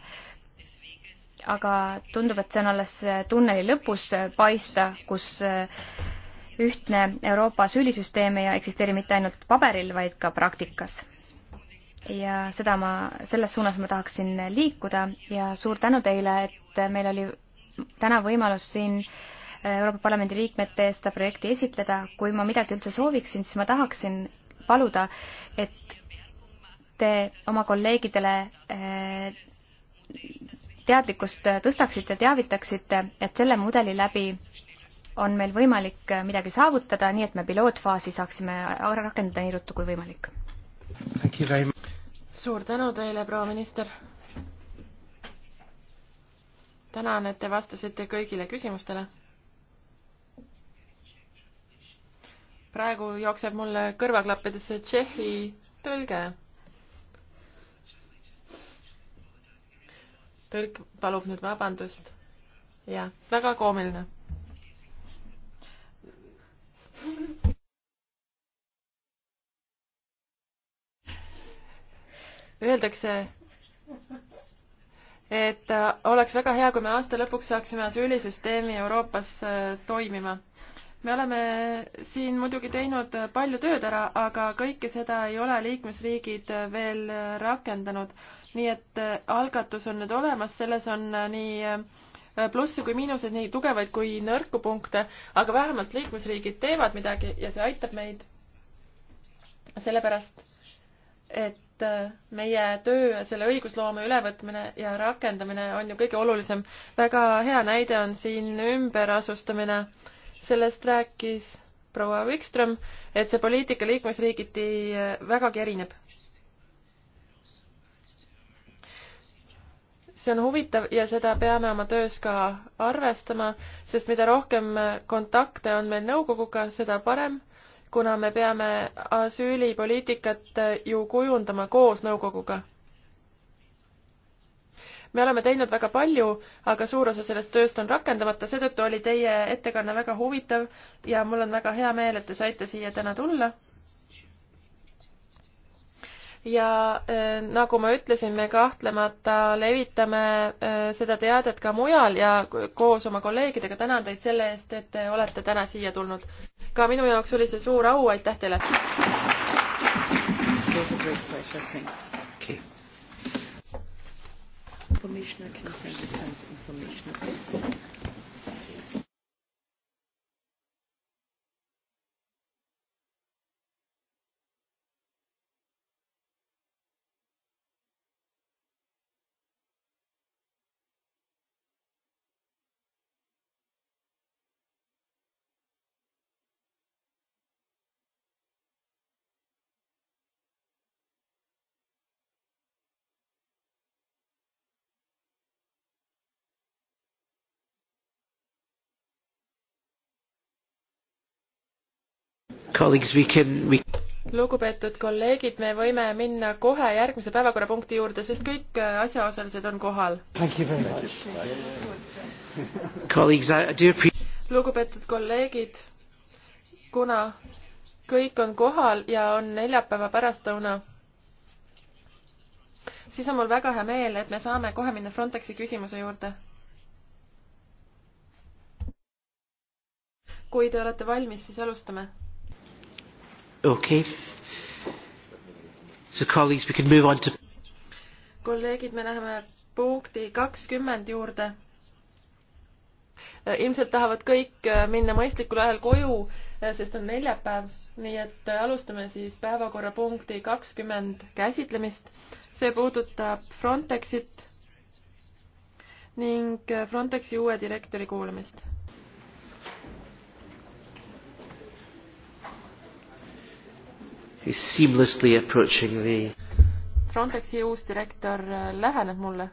aga tundub, et see on alles tunneli lõpus paista, kus ühtne Euroopa süülisüsteem ei eksisteeri mitte ainult paberil, vaid ka praktikas. ja seda ma, selles suunas ma tahaksin liikuda ja suur tänu teile, et meil oli täna võimalus siin Euroopa Parlamendi liikmete eest seda projekti esitleda, kui ma midagi üldse sooviksin, siis ma tahaksin paluda, et te oma kolleegidele eh, teadlikkust tõstaksite, teavitaksite, et selle mudeli läbi on meil võimalik äh, midagi saavutada, nii et me pilootfaasi saaksime rakendada nii ruttu kui võimalik. suur tänu teile, proua minister. tänan, et te vastasite kõigile küsimustele. praegu jookseb mulle kõrvaklappidesse Tšehhi tõlge. tõlk palub nüüd vabandust. jah, väga koomiline Öeldakse, et äh, oleks väga hea, kui me aasta lõpuks saaksime asüülisüsteemi Euroopas äh, toimima me oleme siin muidugi teinud äh, palju tööd ära, aga kõike seda ei ole liikmesriigid veel rakendanud. nii et algatus on nüüd olemas, selles on nii Äh, plusse kui miinuseid, nii tugevaid kui nõrku punkte, aga vähemalt liikmesriigid teevad midagi ja see aitab meid. sellepärast, et äh, meie töö, selle õigusloome ülevõtmine ja rakendamine on ju kõige olulisem. väga hea näide on siin ümberasustamine. sellest rääkis proua Wikström, et see poliitika liikmesriigiti äh, vägagi erineb see on huvitav ja seda peame oma töös ka arvestama, sest mida rohkem kontakte on meil nõukoguga, seda parem, kuna me peame asüülipoliitikat ju kujundama koos nõukoguga. me oleme teinud väga palju, aga suur osa sellest tööst on rakendamata, seetõttu oli teie ettekanne väga huvitav ja mul on väga hea meel, et te saite siia täna tulla ja äh, nagu ma ütlesin, me kahtlemata levitame äh, seda teadet ka mujal ja koos oma kolleegidega tänan teid selle eest, et te olete täna siia tulnud. ka minu jaoks oli see suur au, aitäh teile! Okay. Commissioner can send you some information. lugupeetud kolleegid, me võime minna kohe järgmise päevakorrapunkti juurde, sest kõik äh, asjaosalised on kohal. lugupeetud kolleegid, kuna kõik on kohal ja on neljapäeva pärastlõuna, siis on mul väga hea meel, et me saame kohe minna Frontexi küsimuse juurde. kui te olete valmis, siis alustame okei okay.. So colleagues, we can move on to kolleegid, me läheme punkti kakskümmend juurde. Äh, ilmselt tahavad kõik äh, minna mõistlikul ajal koju, äh, sest on neljapäev, nii et alustame siis päevakorrapunkti kakskümmend käsitlemist. see puudutab Frontexit ning Frontexi uue direktori kuulamist who's seamlessly approaching the Frontexi uus direktor äh, läheneb mulle.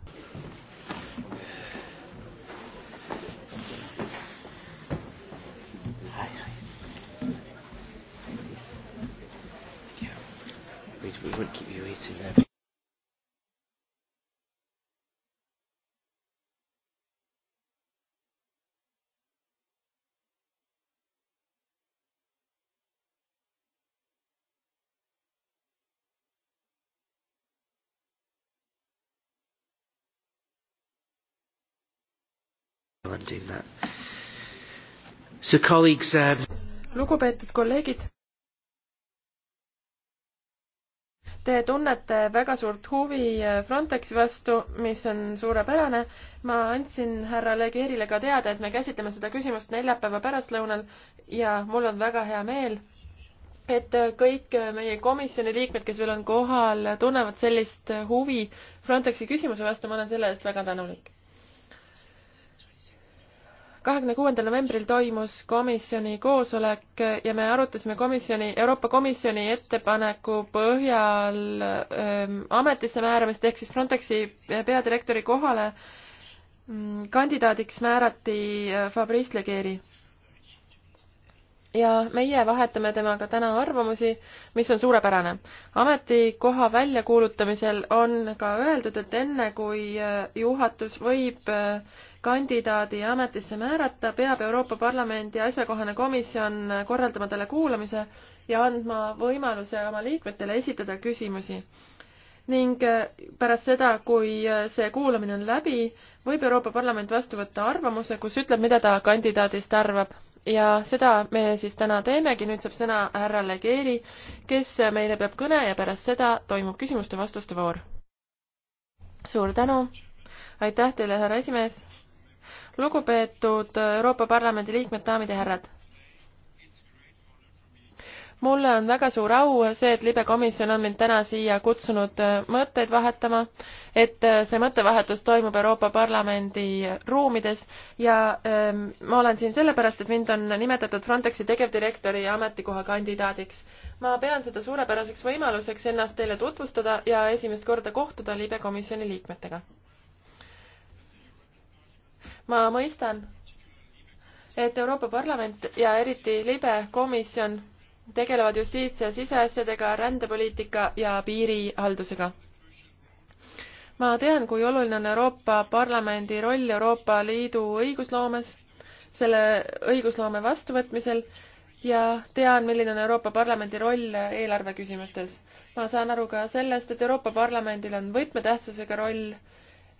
We won't keep you waiting there. Um, lugupeetud kolleegid. Te tunnete väga suurt huvi äh, Frontexi vastu, mis on suurepärane. ma andsin härra Legeerile ka teada, et me käsitleme seda küsimust neljapäeva pärastlõunal ja mul on väga hea meel, et äh, kõik äh, meie komisjoni liikmed, kes veel on kohal, tunnevad sellist huvi Frontexi küsimuse vastu, ma olen selle eest väga tänulik kahekümne kuuendal novembril toimus komisjoni koosolek ja me arutasime komisjoni, Euroopa Komisjoni ettepaneku põhjal ähm, ametisse määramist ehk siis Frontexi peadirektori kohale mm, kandidaadiks määrati äh, Fabrice Legeeri. ja meie vahetame temaga täna arvamusi, mis on suurepärane. ametikoha väljakuulutamisel on ka öeldud, et enne kui äh, juhatus võib äh, kandidaadi ametisse määrata, peab Euroopa Parlamendi asjakohane komisjon korraldama talle kuulamise ja andma võimaluse oma liikmetele esitada küsimusi. ning äh, pärast seda, kui äh, see kuulamine on läbi, võib Euroopa Parlament vastu võtta arvamuse, kus ütleb, mida ta kandidaadist arvab ja seda me siis täna teemegi, nüüd saab sõna härra Legeeri, kes meile peab kõne ja pärast seda toimub küsimuste-vastuste voor. suur tänu, aitäh teile, härra esimees lugupeetud Euroopa Parlamendi liikmed, daamid ja härrad! mulle on väga suur au see, et libe komisjon on mind täna siia kutsunud mõtteid vahetama, et see mõttevahetus toimub Euroopa Parlamendi ruumides ja ähm, ma olen siin sellepärast, et mind on nimetatud Frontexi tegevdirektori ametikoha kandidaadiks. ma pean seda suurepäraseks võimaluseks ennast teile tutvustada ja esimest korda kohtuda libe komisjoni liikmetega ma mõistan, et Euroopa Parlament ja eriti libe komisjon tegelevad justiits- ja siseasjadega, rändepoliitika ja piirihaldusega. ma tean, kui oluline on Euroopa Parlamendi roll Euroopa Liidu õigusloomes, selle õigusloome vastuvõtmisel ja tean, milline on Euroopa Parlamendi roll eelarve küsimustes. ma saan aru ka sellest, et Euroopa Parlamendil on võtmetähtsusega roll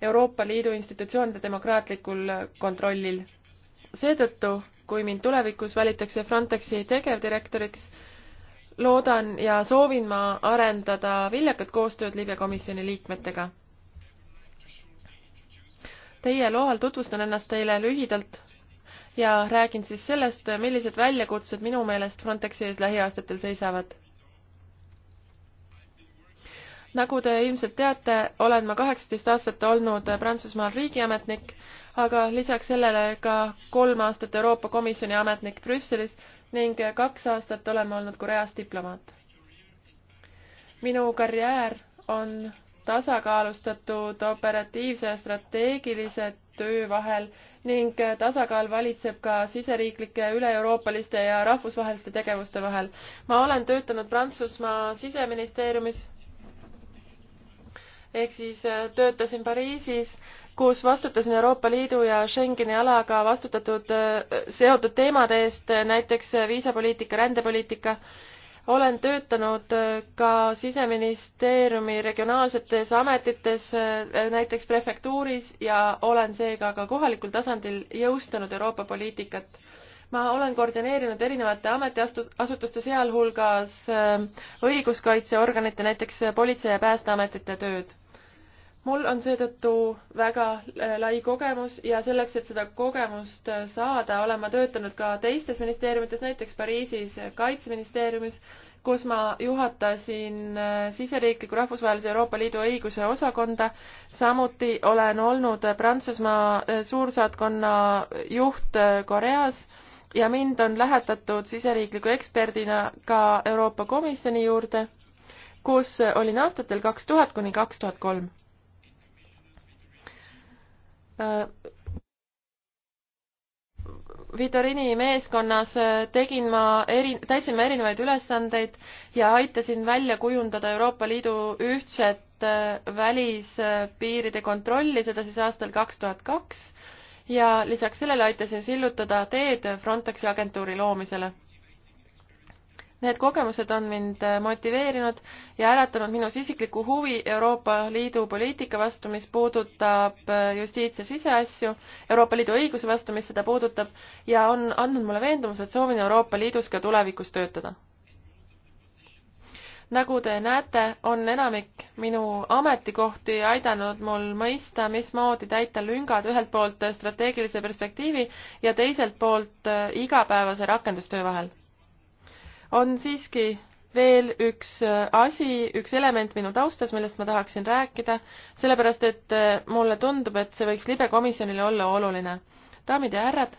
Euroopa Liidu institutsioonide demokraatlikul kontrollil. seetõttu, kui mind tulevikus valitakse Frontexi tegevdirektoriks, loodan ja soovin ma arendada viljakat koostööd Liibüa komisjoni liikmetega. Teie loal tutvustan ennast teile lühidalt ja räägin siis sellest, millised väljakutsed minu meelest Frontexi ees lähiaastatel seisavad nagu te ilmselt teate, olen ma kaheksateist aastat olnud Prantsusmaal riigiametnik, aga lisaks sellele ka kolm aastat Euroopa Komisjoni ametnik Brüsselis ning kaks aastat olen ma olnud Koreas diplomaat. minu karjäär on tasakaalustatud operatiivse ja strateegilise töö vahel ning tasakaal valitseb ka siseriiklike, üle-euroopaliste ja rahvusvaheliste tegevuste vahel. ma olen töötanud Prantsusmaa siseministeeriumis ehk siis äh, töötasin Pariisis, kus vastutasin Euroopa Liidu ja Schengeni alaga vastutatud, äh, seotud teemade eest, äh, näiteks viisapoliitika, rändepoliitika. olen töötanud ka Siseministeeriumi regionaalsetes ametites, näiteks prefektuuris ja olen seega ka kohalikul tasandil jõustanud Euroopa poliitikat ma olen koordineerinud erinevate ametiasutuste, sealhulgas õiguskaitseorganite, näiteks Politsei- ja Päästeametite tööd mul on seetõttu väga äh, lai kogemus ja selleks, et seda kogemust äh, saada, olen ma töötanud ka teistes ministeeriumites, näiteks Pariisis äh, kaitseministeeriumis, kus ma juhatasin siseriikliku rahvusvahelise Euroopa Liidu õiguse osakonda. samuti olen olnud Prantsusmaa suursaatkonna juht Koreas ja mind on lähetatud siseriikliku eksperdina ka Euroopa Komisjoni juurde, kus olin aastatel kaks tuhat kuni kaks tuhat kolm Äh, Vitorini meeskonnas äh, tegin ma eri, täitsin ma erinevaid ülesandeid ja aitasin välja kujundada Euroopa Liidu ühtset äh, välispiiride kontrolli, seda siis aastal kaks tuhat kaks ja lisaks sellele aitasin sillutada teed Frontexi agentuuri loomisele Need kogemused on mind äh, motiveerinud ja äratanud minus isiklikku huvi Euroopa Liidu poliitika vastu, mis puudutab äh, justiits- ja siseasju, Euroopa Liidu õiguse vastu, mis seda puudutab, ja on andnud mulle veendumuse, et soovin Euroopa Liidus ka tulevikus töötada. nagu te näete, on enamik minu ametikohti aidanud mul mõista, mismoodi täita lüngad ühelt poolt strateegilise perspektiivi ja teiselt poolt äh, igapäevase rakendustöö vahel on siiski veel üks äh, asi, üks element minu taustas, millest ma tahaksin rääkida, sellepärast et äh, mulle tundub, et see võiks libekomisjonile olla oluline. daamid ja härrad,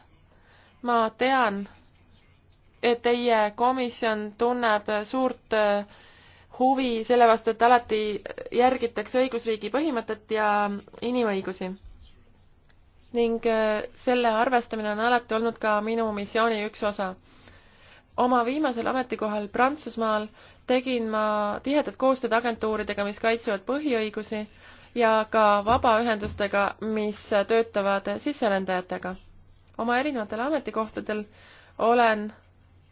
ma tean, et teie komisjon tunneb suurt äh, huvi selle vastu, et alati järgitakse õigusriigi põhimõtet ja inimõigusi. ning selle arvestamine on alati olnud ka minu missiooni üks osa oma viimasel ametikohal Prantsusmaal tegin ma tihedat koostööd agentuuridega, mis kaitsevad põhiõigusi ja ka vabaühendustega, mis töötavad sisserändajatega. oma erinevatel ametikohtadel olen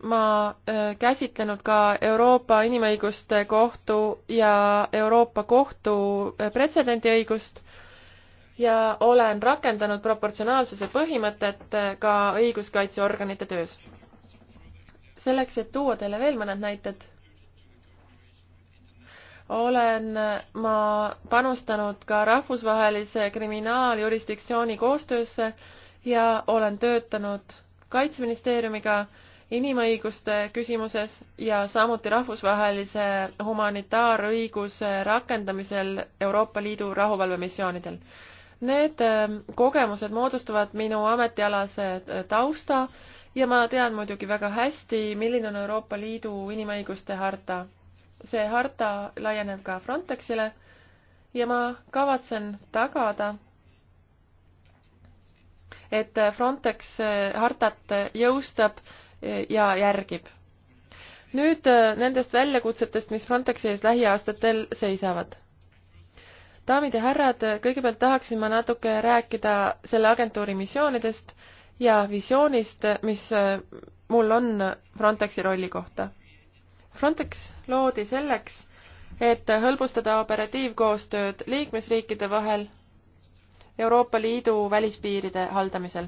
ma käsitlenud ka Euroopa Inimõiguste Kohtu ja Euroopa Kohtu pretsedendiõigust ja olen rakendanud proportsionaalsuse põhimõtet ka õiguskaitseorganite töös selleks, et tuua teile veel mõned näited, olen ma panustanud ka rahvusvahelise kriminaaljurisdiktsiooni koostöösse ja olen töötanud Kaitseministeeriumiga inimõiguste küsimuses ja samuti rahvusvahelise humanitaarõiguse rakendamisel Euroopa Liidu rahuvalvemissioonidel. Need ähm, kogemused moodustavad minu ametialase äh, tausta ja ma tean muidugi väga hästi, milline on Euroopa Liidu inimõiguste harta. see harta laieneb ka Frontexile ja ma kavatsen tagada, et Frontex eh, hartat jõustab eh, ja järgib. nüüd eh, nendest väljakutsetest, mis Frontexi ees lähiaastatel seisavad. daamid ja härrad, kõigepealt tahaksin ma natuke rääkida selle agentuuri missioonidest ja visioonist, mis äh, mul on Frontexi rolli kohta. Frontex loodi selleks, et hõlbustada operatiivkoostööd liikmesriikide vahel Euroopa Liidu välispiiride haldamisel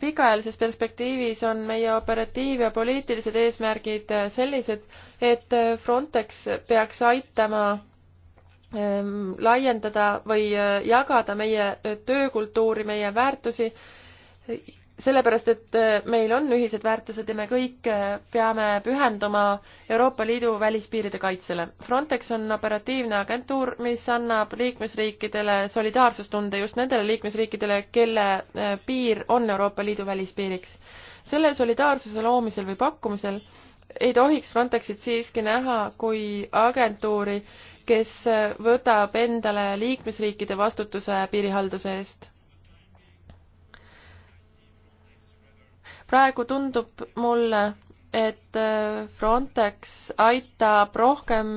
pikaajalises perspektiivis on meie operatiiv ja poliitilised eesmärgid sellised, et Frontex peaks aitama Ähm, laiendada või äh, jagada meie äh, töökultuuri, meie väärtusi, sellepärast et äh, meil on ühised väärtused ja me kõik peame pühenduma Euroopa Liidu välispiiride kaitsele. Frontex on operatiivne agentuur, mis annab liikmesriikidele solidaarsustunde just nendele liikmesriikidele, kelle piir on Euroopa Liidu välispiiriks. selle solidaarsuse loomisel või pakkumisel ei tohiks Frontexit siiski näha kui agentuuri, kes võtab endale liikmesriikide vastutuse piirihalduse eest. praegu tundub mulle, et Frontex aitab rohkem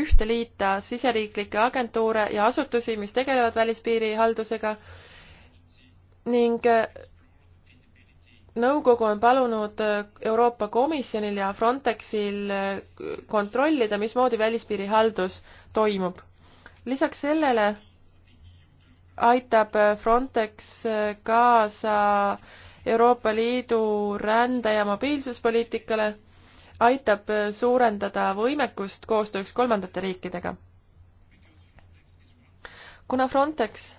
ühte liita siseriiklikke agentuure ja asutusi, mis tegelevad välispiiri haldusega ning nõukogu on palunud äh, Euroopa Komisjonil ja Frontexil äh, kontrollida, mismoodi välispiiri haldus toimub. lisaks sellele aitab äh, Frontex kaasa Euroopa Liidu rände- ja mobiilsuspoliitikale, aitab suurendada võimekust koostööks kolmandate riikidega. kuna Frontex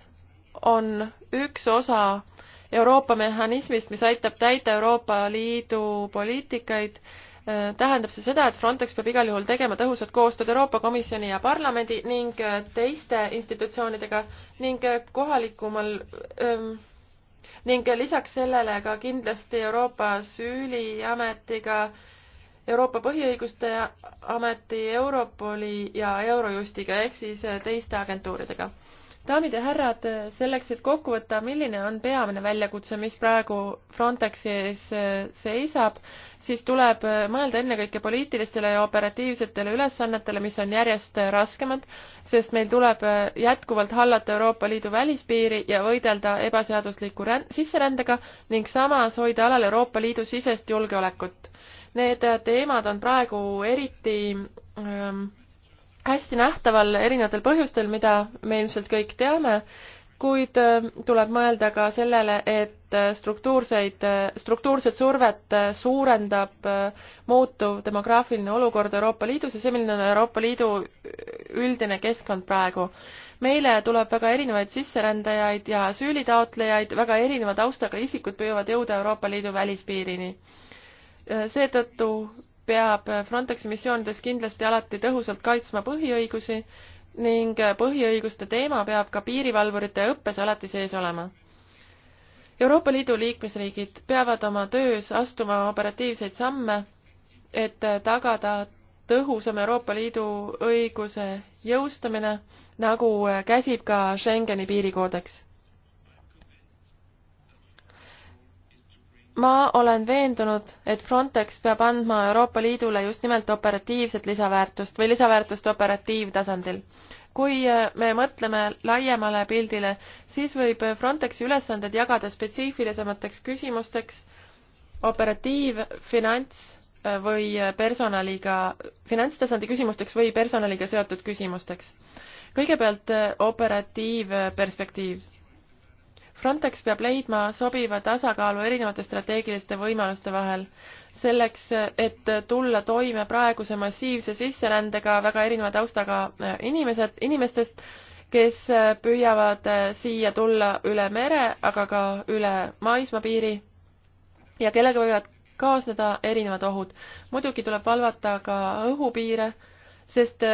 on üks osa Euroopa mehhanismist, mis aitab täita Euroopa Liidu poliitikaid, äh, tähendab see seda, et Frontex peab igal juhul tegema tõhusat koostööd Euroopa Komisjoni ja parlamendi ning äh, teiste institutsioonidega ning äh, kohalikumal öö, ähm, ning lisaks sellele ka kindlasti Euroopa Süüliametiga, Euroopa Põhiõiguste Ameti, Europoli ja Eurojustiga ehk siis teiste agentuuridega daamid ja härrad, selleks, et kokku võtta, milline on peamine väljakutse, mis praegu Frontexi ees äh, seisab, siis tuleb äh, mõelda ennekõike poliitilistele ja operatiivsetele ülesannetele, mis on järjest äh, raskemad, sest meil tuleb jätkuvalt hallata Euroopa Liidu välispiiri ja võidelda ebaseadusliku sisserändega ning samas hoida alal Euroopa Liidu sisest julgeolekut. Need teemad on praegu eriti ähm, hästi nähtaval erinevatel põhjustel, mida me ilmselt kõik teame, kuid äh, tuleb mõelda ka sellele, et äh, struktuurseid, äh, struktuurset survet suurendab muutuv demograafiline olukord Euroopa Liidus ja see, milline on Euroopa Liidu üldine keskkond praegu. meile tuleb väga erinevaid sisserändajaid ja asüülitaotlejaid, väga erineva taustaga isikud püüavad jõuda Euroopa Liidu välispiirini. seetõttu peab Frontexi missioonides kindlasti alati tõhusalt kaitsma põhiõigusi ning põhiõiguste teema peab ka piirivalvurite õppes alati sees olema. Euroopa Liidu liikmesriigid peavad oma töös astuma operatiivseid samme, et tagada tõhusam Euroopa Liidu õiguse jõustamine, nagu käsib ka Schengeni piirikoodeks ma olen veendunud, et Frontex peab andma Euroopa Liidule just nimelt operatiivset lisaväärtust või lisaväärtust operatiivtasandil. kui äh, me mõtleme laiemale pildile, siis võib Frontexi ülesanded jagada spetsiifilisemateks küsimusteks operatiiv, finants äh, või personaliga, finantstasandi küsimusteks või personaliga seotud küsimusteks. kõigepealt äh, operatiivperspektiiv Frontex peab leidma sobiva tasakaalu erinevate strateegiliste võimaluste vahel, selleks et tulla toime praeguse massiivse sisserändega väga erineva taustaga äh, inimesed, inimestest, kes äh, püüavad äh, siia tulla üle mere, aga ka üle maismaapiiri ja kellega võivad kaasneda erinevad ohud. muidugi tuleb valvata ka õhupiire, sest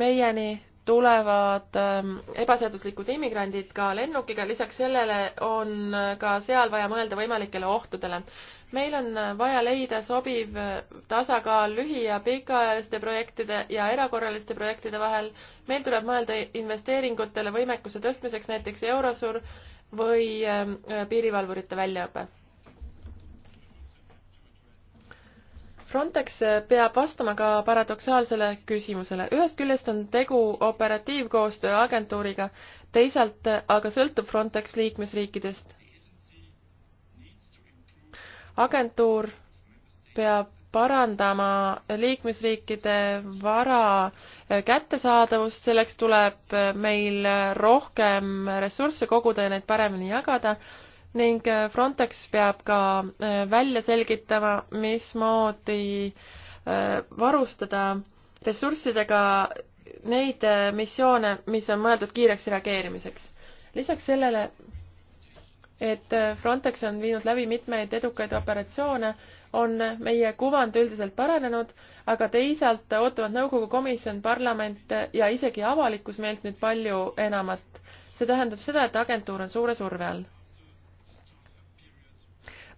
meieni tulevad ähm, ebaseaduslikud immigrandid ka lennukiga, lisaks sellele on äh, ka seal vaja mõelda võimalikele ohtudele. meil on äh, vaja leida sobiv äh, tasakaal lühi- ja pikaajaliste projektide ja erakorraliste projektide vahel. meil tuleb mõelda investeeringutele võimekuse tõstmiseks, näiteks Eurosur või ähm, piirivalvurite väljaõpe Frontex peab vastama ka paradoksaalsele küsimusele. ühest küljest on tegu operatiivkoostöö agentuuriga, teisalt aga sõltub Frontex liikmesriikidest. agentuur peab parandama liikmesriikide vara kättesaadavust, selleks tuleb meil rohkem ressursse koguda ja neid paremini jagada ning äh, Frontex peab ka äh, välja selgitama, mismoodi äh, varustada ressurssidega neid missioone, mis on mõeldud kiireks reageerimiseks. lisaks sellele, et Frontex on viinud läbi mitmeid edukaid operatsioone, on meie kuvand üldiselt paranenud, aga teisalt ootavad nõukogu komisjon, parlament ja isegi avalikkus meilt nüüd palju enamat. see tähendab seda, et agentuur on suure surve all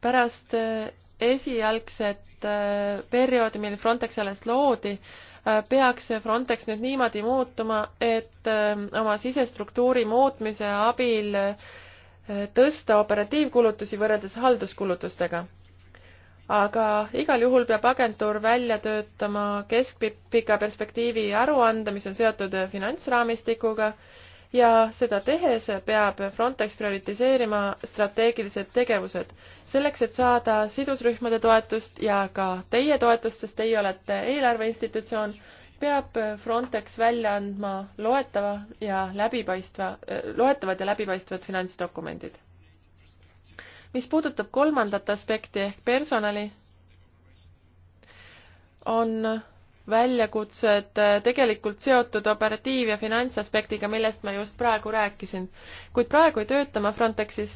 pärast äh, esialgset äh, perioodi, mil Frontex alles loodi, äh, peaks see Frontex nüüd niimoodi muutuma, et oma sisestruktuuri muutmise abil tõsta operatiivkulutusi võrreldes halduskulutustega. aga igal juhul peab agentuur välja töötama keskpika perspektiivi aruande, mis on seotud finantsraamistikuga ja seda tehes peab Frontex prioritiseerima strateegilised tegevused selleks, et saada sidusrühmade toetust ja ka teie toetust, sest teie olete eelarveinstitutsioon, peab Frontex välja andma loetava ja läbipaistva, loetavad ja läbipaistvad finantsdokumendid. mis puudutab kolmandat aspekti ehk personali, on väljakutsed äh, tegelikult seotud operatiiv- ja finantsaspektiga, millest ma just praegu rääkisin. kuid praegu ei tööta ma Frontexis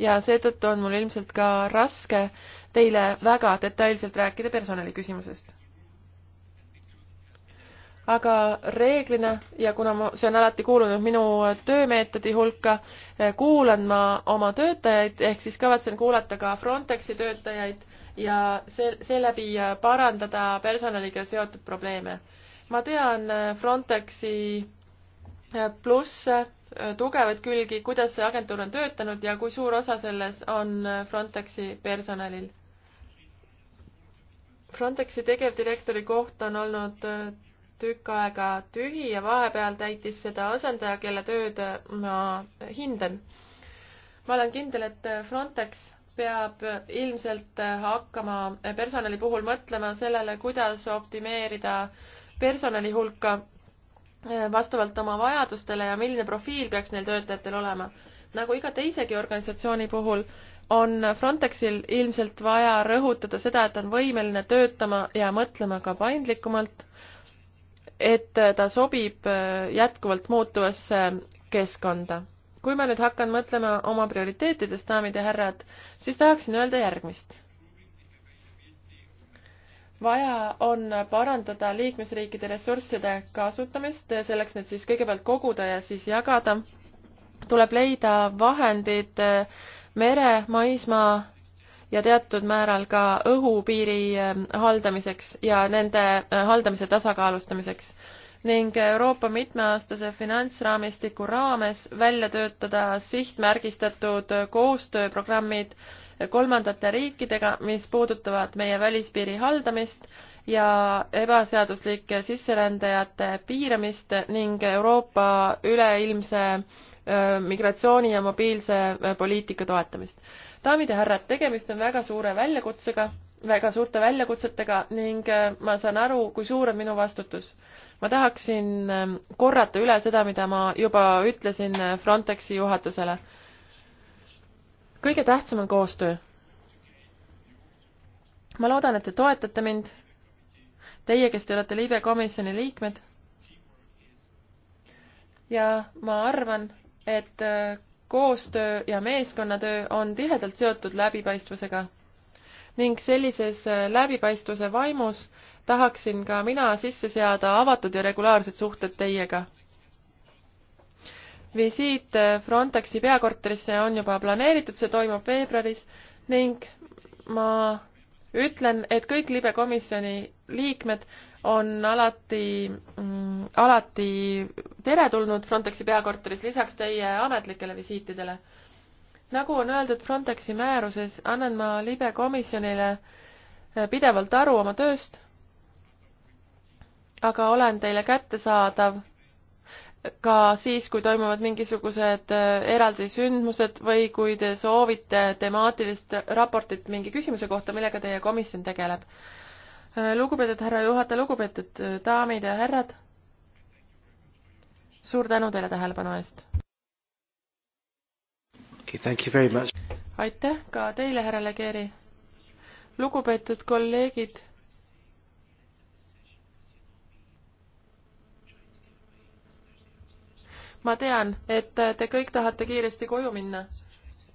ja seetõttu on mul ilmselt ka raske teile väga detailselt rääkida personaliküsimusest. aga reeglina ja kuna ma, see on alati kuulunud minu töömeetodi hulka, kuulan ma oma töötajaid, ehk siis kavatsen kuulata ka Frontexi töötajaid ja see, seeläbi parandada personaliga seotud probleeme. ma tean äh, Frontexi äh, plusse, äh, tugevaid külgi, kuidas see agentuur on töötanud ja kui suur osa selles on Frontexi personalil. Frontexi tegevdirektori koht on olnud tükk aega tühi ja vahepeal täitis seda asendaja, kelle tööd ma hindan. ma olen kindel, et Frontex peab ilmselt hakkama personali puhul mõtlema sellele, kuidas optimeerida personali hulka eh, vastavalt oma vajadustele ja milline profiil peaks neil töötajatel olema. nagu iga teisegi organisatsiooni puhul, on Frontexil ilmselt vaja rõhutada seda, et on võimeline töötama ja mõtlema ka paindlikumalt, et ta sobib eh, jätkuvalt muutuvasse keskkonda kui ma nüüd hakkan mõtlema oma prioriteetidest, daamid ja härrad, siis tahaksin öelda järgmist. vaja on parandada liikmesriikide ressursside kasutamist, selleks need siis kõigepealt koguda ja siis jagada. tuleb leida vahendid eh, mere, maismaa ja teatud määral ka õhupiiri eh, haldamiseks ja nende eh, haldamise tasakaalustamiseks ning Euroopa mitmeaastase finantsraamistiku raames välja töötada sihtmärgistatud koostööprogrammid kolmandate riikidega, mis puudutavad meie välispiiri haldamist ja ebaseaduslike sisserändajate piiramist ning Euroopa üleilmse migratsiooni ja mobiilse poliitika toetamist. daamid ja härrad, tegemist on väga suure väljakutsega, väga suurte väljakutsetega ning ma saan aru, kui suur on minu vastutus ma tahaksin ähm, korrata üle seda, mida ma juba ütlesin äh, Frontexi juhatusele. kõige tähtsam on koostöö. ma loodan, et te toetate mind, teie, kes te olete Liibe komisjoni liikmed. ja ma arvan, et äh, koostöö ja meeskonnatöö on tihedalt seotud läbipaistvusega ning sellises äh, läbipaistvuse vaimus äh, tahaksin ka mina sisse seada avatud ja regulaarsed suhted teiega. visiit Frontexi peakorterisse on juba planeeritud, see toimub veebruaris ning ma ütlen, et kõik libekomisjoni liikmed on alati mm,, alati teretulnud Frontexi peakorteris, lisaks teie ametlikele visiitidele. nagu on öeldud Frontexi määruses, annan ma libekomisjonile pidevalt aru oma tööst aga olen teile kättesaadav ka siis, kui toimuvad mingisugused äh, eraldi sündmused või kui te soovite temaatilist raportit mingi küsimuse kohta, millega teie komisjon tegeleb. Äh, lugupeetud härra juhataja, lugupeetud äh, daamid ja härrad, suur tänu teile tähelepanu eest okay,! aitäh ka teile, härra Legeri! lugupeetud kolleegid ma tean, et te kõik tahate kiiresti koju minna,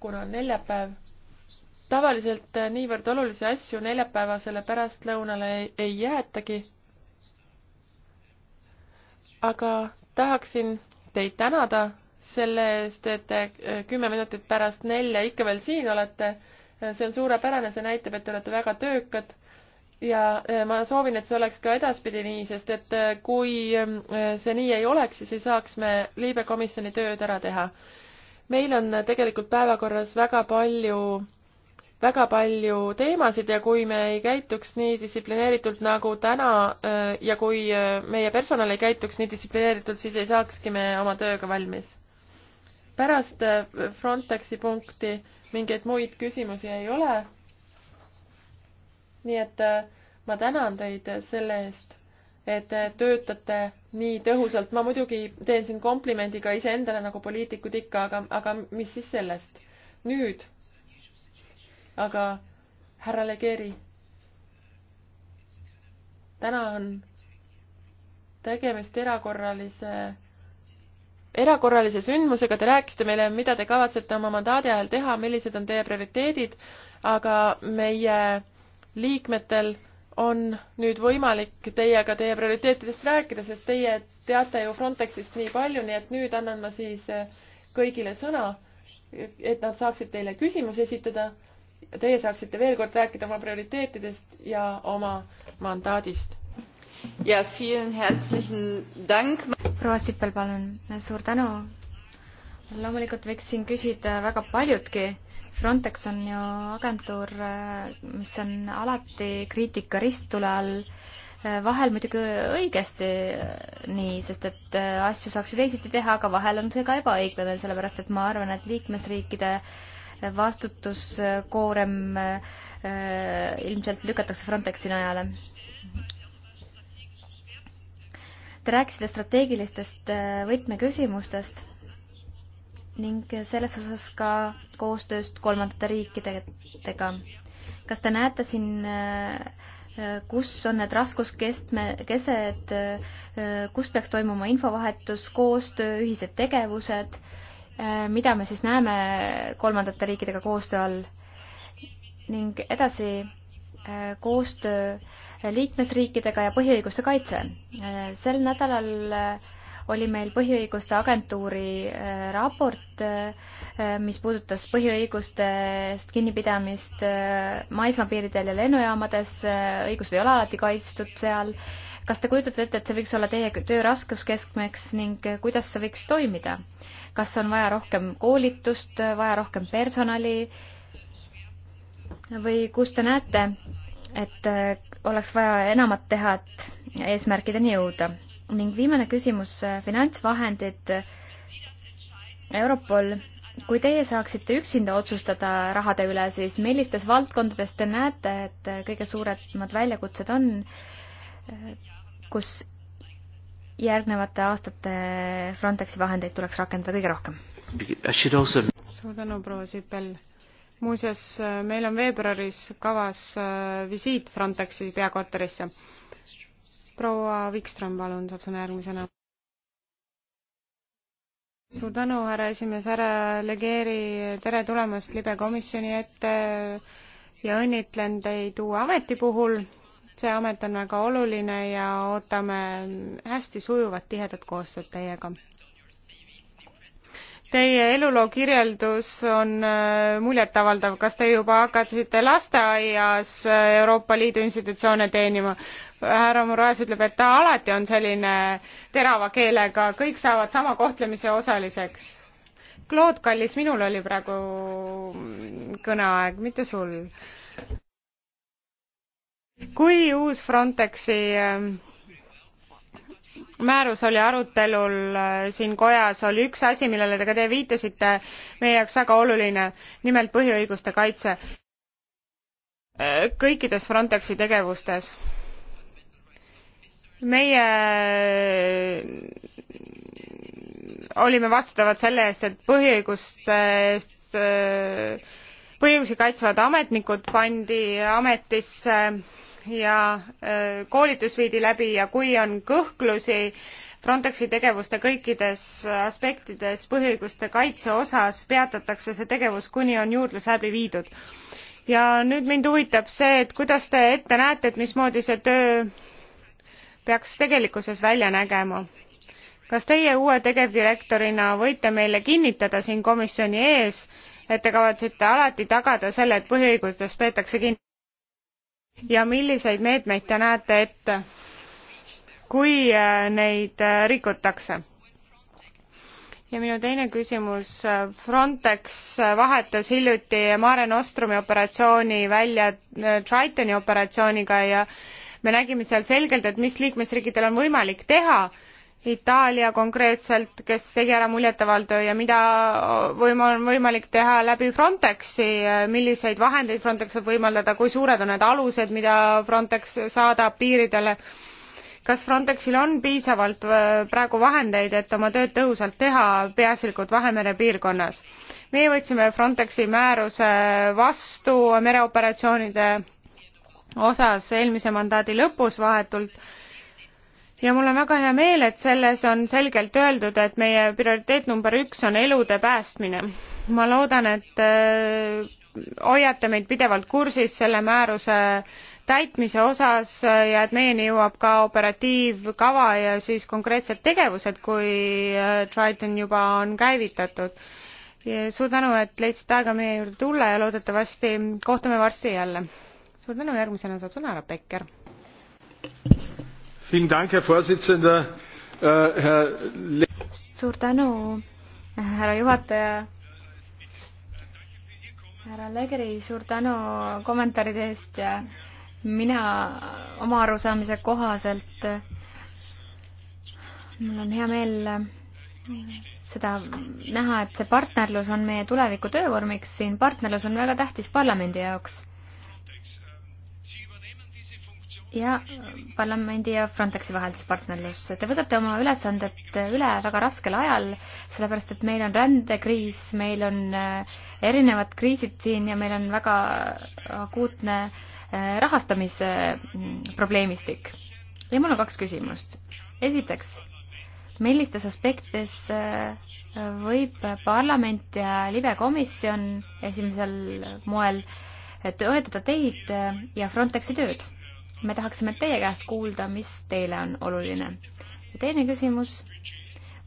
kuna on neljapäev. tavaliselt niivõrd olulisi asju neljapäevasele pärastlõunale ei, ei jäetagi. aga tahaksin teid tänada selle eest, et te eh, kümme minutit pärast nelja ikka veel siin olete. see on suurepärane, see näitab, et te olete väga töökad ja äh, ma soovin, et see oleks ka edaspidi nii, sest et äh, kui äh, see nii ei oleks, siis ei saaks me liibe komisjoni tööd ära teha. meil on tegelikult päevakorras väga palju väga palju teemasid ja kui me ei käituks nii distsiplineeritult nagu täna ja kui meie personal ei käituks nii distsiplineeritult, siis ei saakski me oma tööga valmis. pärast Frontexi punkti mingeid muid küsimusi ei ole nii et äh, ma tänan teid selle eest, et te äh, töötate nii tõhusalt. ma muidugi teen siin komplimendi ka iseendale nagu poliitikud ikka, aga, aga mis siis sellest. nüüd aga härra Legeri, täna on tegemist erakorralise erakorralise sündmusega, te rääkisite meile, mida te kavatsete oma mandaadi ajal teha, millised on teie prioriteedid, aga meie liikmetel on nüüd võimalik teiega teie prioriteetidest rääkida, sest teie teate ju Frontexist nii palju, nii et nüüd annan ma siis eh, kõigile sõna, et nad saaksid teile küsimusi esitada. Teie saaksite veel kord rääkida oma prioriteetidest ja oma mandaadist. ja, proua Sippel, palun, suur tänu. loomulikult võiks siin küsida väga paljutki Frontex on ju agentuur, eh, mis on alati kriitika risttule all, eh, vahel muidugi õigesti eh, nii, sest et asju saaks ju teisiti teha, aga vahel on see ka ebaõiglane, sellepärast et ma arvan, et liikmesriikide vastutuskoorem ilmselt lükatakse Frontexi najale. Te rääkisite strateegilistest võtmeküsimustest ning selles osas ka koostööst kolmandate riikidega. kas te näete siin, äh, kus on need raskuskestme, kesed, äh, kus peaks toimuma infovahetus, koostöö, ühised tegevused, äh, mida me siis näeme kolmandate riikidega koostöö all? ning edasi koostöö liikmesriikidega ja põhiõiguste kaitse. sel nädalal oli meil Põhiõiguste Agentuuri äh, raport, äh, mis puudutas põhiõigustest kinnipidamist äh, maismaapiiridel ja lennujaamades, õigused ei ole alati kaitstud seal. kas te kujutate ette, et see võiks olla teie töö raskuskeskmeks ning kuidas see võiks toimida? kas on vaja rohkem koolitust, vaja rohkem personali või kus te näete, et oleks vaja enamat teha, et eesmärkideni jõuda ning viimane küsimus, eh, finantsvahendid. Europol, kui teie saaksite üksinda otsustada rahade üle, siis millistes valdkondades te näete, et kõige suuremad väljakutsed on, eh, kus järgnevate aastate Frontexi vahendeid tuleks rakendada kõige rohkem? suur tänu, proua Sipel. muuseas, eh, meil on veebruaris kavas visiit Frontexi peakorterisse proua Vikström, palun, saab sõna järgmisena. suur tänu, härra esimees, härra Legeeri, tere tulemast libe komisjoni ette ja õnnitlen teid uue ameti puhul. see amet on väga oluline ja ootame hästi sujuvat tihedat koostööd teiega. Teie eluloo kirjeldus on äh, muljetavaldav, kas te juba hakkasite lasteaias äh, Euroopa Liidu institutsioone teenima? härra Moraes ütleb, et ta alati on selline terava keelega, kõik saavad sama kohtlemise osaliseks. Claude, kallis, minul oli praegu kõneaeg, mitte sul. kui uus Frontexi ähm, määrus oli arutelul äh, siin kojas, oli üks asi, millele te ka teie viitasite, meie jaoks väga oluline, nimelt põhiõiguste kaitse äh, kõikides Frontexi tegevustes meie olime vastutavad selle eest, et põhiõigustest, põhiõigusi kaitsvad ametnikud pandi ametisse ja äh, koolitus viidi läbi ja kui on kõhklusi Frontexi tegevuste kõikides aspektides põhiõiguste kaitse osas, peatatakse see tegevus, kuni on juurdlus läbi viidud. ja nüüd mind huvitab see, et kuidas te ette näete, et mismoodi see töö peaks tegelikkuses välja nägema? kas teie uue tegevdirektorina võite meile kinnitada siin komisjoni ees, et te kavatsete alati tagada selle, et põhiõigustest peetakse kinni? ja milliseid meetmeid te näete ette, kui äh, neid äh, rikutakse? ja minu teine küsimus, Frontex äh, vahetas hiljuti Mare Nostrumi operatsiooni välja Tritoni operatsiooniga ja me nägime seal selgelt, et mis liikmesriikidel on võimalik teha, Itaalia konkreetselt, kes tegi ära muljetaval töö ja mida võim-, on võimalik teha läbi Frontexi, milliseid vahendeid Frontex saab võimaldada, kui suured on need alused, mida Frontex saadab piiridele kas Frontexil on piisavalt äh, praegu vahendeid, et oma tööd tõhusalt teha, peaasjalikult Vahemere piirkonnas? meie võtsime Frontexi määruse vastu mereoperatsioonide osas eelmise mandaadi lõpus vahetult ja mul on väga hea meel, et selles on selgelt öeldud, et meie prioriteet number üks on elude päästmine. ma loodan, et äh, hoiate meid pidevalt kursis selle määruse täitmise osas ja et meieni jõuab ka operatiivkava ja siis konkreetsed tegevused, kui äh, Triton juba on käivitatud. suur tänu, et leidsite aega meie juurde tulla ja loodetavasti kohtume varsti jälle suur tänu, järgmisena saab sõna härra Becker. Äh, suur tänu, härra juhataja härra Legeri, suur tänu kommentaaride eest ja mina oma arusaamise kohaselt, mul on hea meel seda näha, et see partnerlus on meie tuleviku töövormiks siin, partnerlus on väga tähtis parlamendi jaoks ja parlamendi ja Frontexi vahelise partnerlus. Te võtate oma ülesanded üle väga raskel ajal, sellepärast et meil on rändekriis, meil on äh, erinevad kriisid siin ja meil on väga akuutne äh, rahastamise mm, probleemistik. ja mul on kaks küsimust. esiteks, millistes aspektides äh, võib parlament ja libekomisjon esimesel moel toetada teid ja Frontexi tööd? me tahaksime teie käest kuulda, mis teile on oluline. ja teine küsimus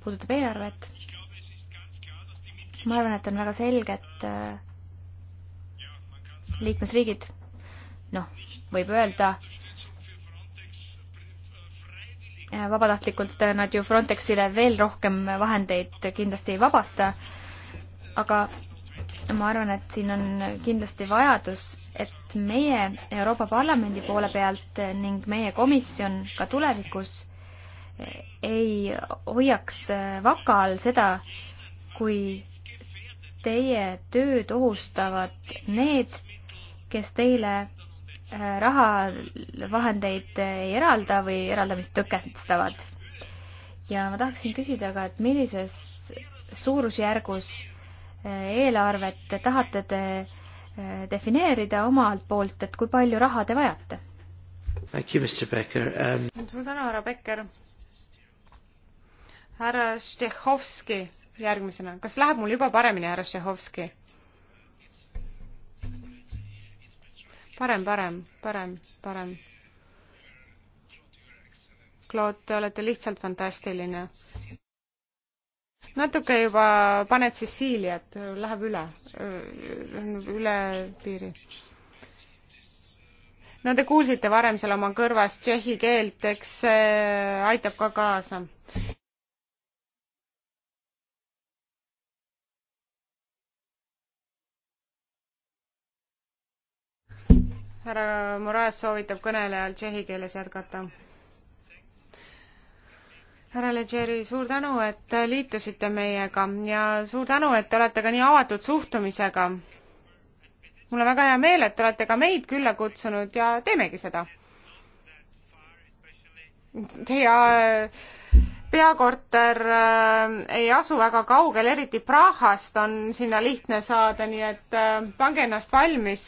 puudutab eelarvet. ma arvan, et on väga selge, et äh, liikmesriigid, noh, võib öelda, äh, vabatahtlikult äh, nad ju Frontexile veel rohkem vahendeid kindlasti ei vabasta, aga ma arvan, et siin on kindlasti vajadus, et meie Euroopa Parlamendi poole pealt ning meie komisjon ka tulevikus eh, ei hoiaks eh, vaka all seda, kui teie tööd ohustavad need, kes teile eh, rahavahendeid ei eralda või eraldamist tõkestavad. ja ma tahaksin küsida ka, et millises suurusjärgus äh, eelarvet tahate te eh, defineerida omalt poolt, et kui palju raha te vajate? Um... suur tänu, härra Becker. härra Štehhovski järgmisena, kas läheb mul juba paremini, härra Štehhovski? parem, parem, parem, parem. Claude, te olete lihtsalt fantastiline natuke juba paned Sissiiliat, läheb üle, üle piiri. no te kuulsite varem seal oma kõrvas tšehhi keelt, eks see aitab ka kaasa. härra Moraes soovitab kõnelejal tšehhi keeles jätkata härra Legeri, suur tänu, et liitusite meiega ja suur tänu, et te olete ka nii avatud suhtumisega. mul on väga hea meel, et te olete ka meid külla kutsunud ja teemegi seda. Teie äh, peakorter äh, ei asu väga kaugel, eriti Prahast on sinna lihtne saada, nii et äh, pange ennast valmis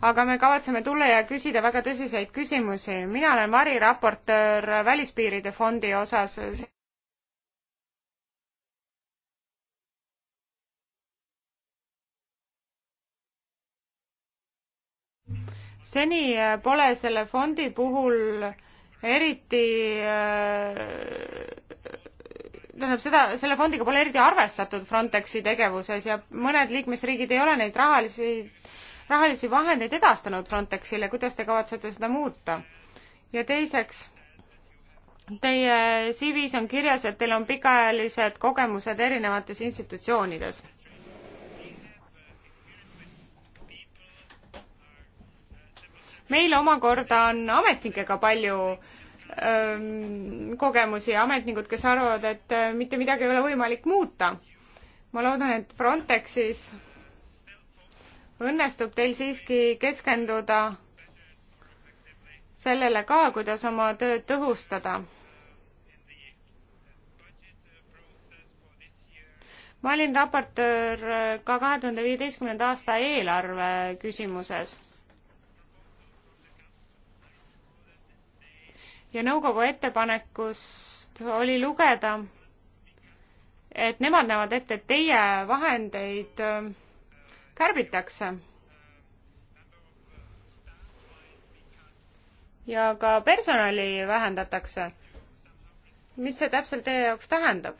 aga me kavatseme tulla ja küsida väga tõsiseid küsimusi. mina olen variraportöör Välispiiride fondi osas. seni pole selle fondi puhul eriti äh, tähendab seda, selle fondiga pole eriti arvestatud Frontexi tegevuses ja mõned liikmesriigid ei ole neid rahalisi rahalisi vahendeid edastanud Frontexile, kuidas te kavatsete seda muuta? ja teiseks, teie CV-s on kirjas, et teil on pikaajalised kogemused erinevates institutsioonides. meil omakorda on ametnikega palju öö, ähm, kogemusi ja ametnikud, kes arvavad, et äh, mitte midagi ei ole võimalik muuta. ma loodan, et Frontexis õnnestub teil siiski keskenduda sellele ka, kuidas oma tööd tõhustada. ma olin raportöör ka kahe tuhande viieteistkümnenda aasta eelarve küsimuses. ja nõukogu ettepanekust oli lugeda, et nemad näevad ette, et teie vahendeid kärbitakse. ja ka personali vähendatakse. mis see täpselt teie jaoks tähendab?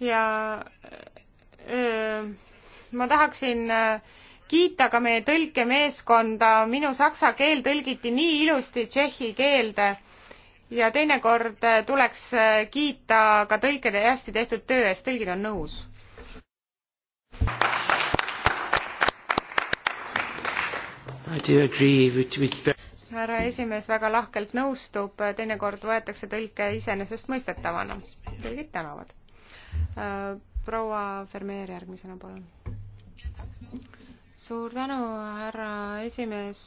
ja öö, ma tahaksin öö, kiita ka meie tõlkemeeskonda, minu saksa keel tõlgiti nii ilusti tšehhi keelde ja teinekord eh, tuleks eh, kiita ka tõlkede hästi tehtud töö eest, tõlgid on nõus. härra esimees väga lahkelt nõustub, teinekord võetakse tõlke iseenesestmõistetavana. tõlgid tänavad. Eh, proua Vermeer järgmisena, palun suur tänu, härra esimees.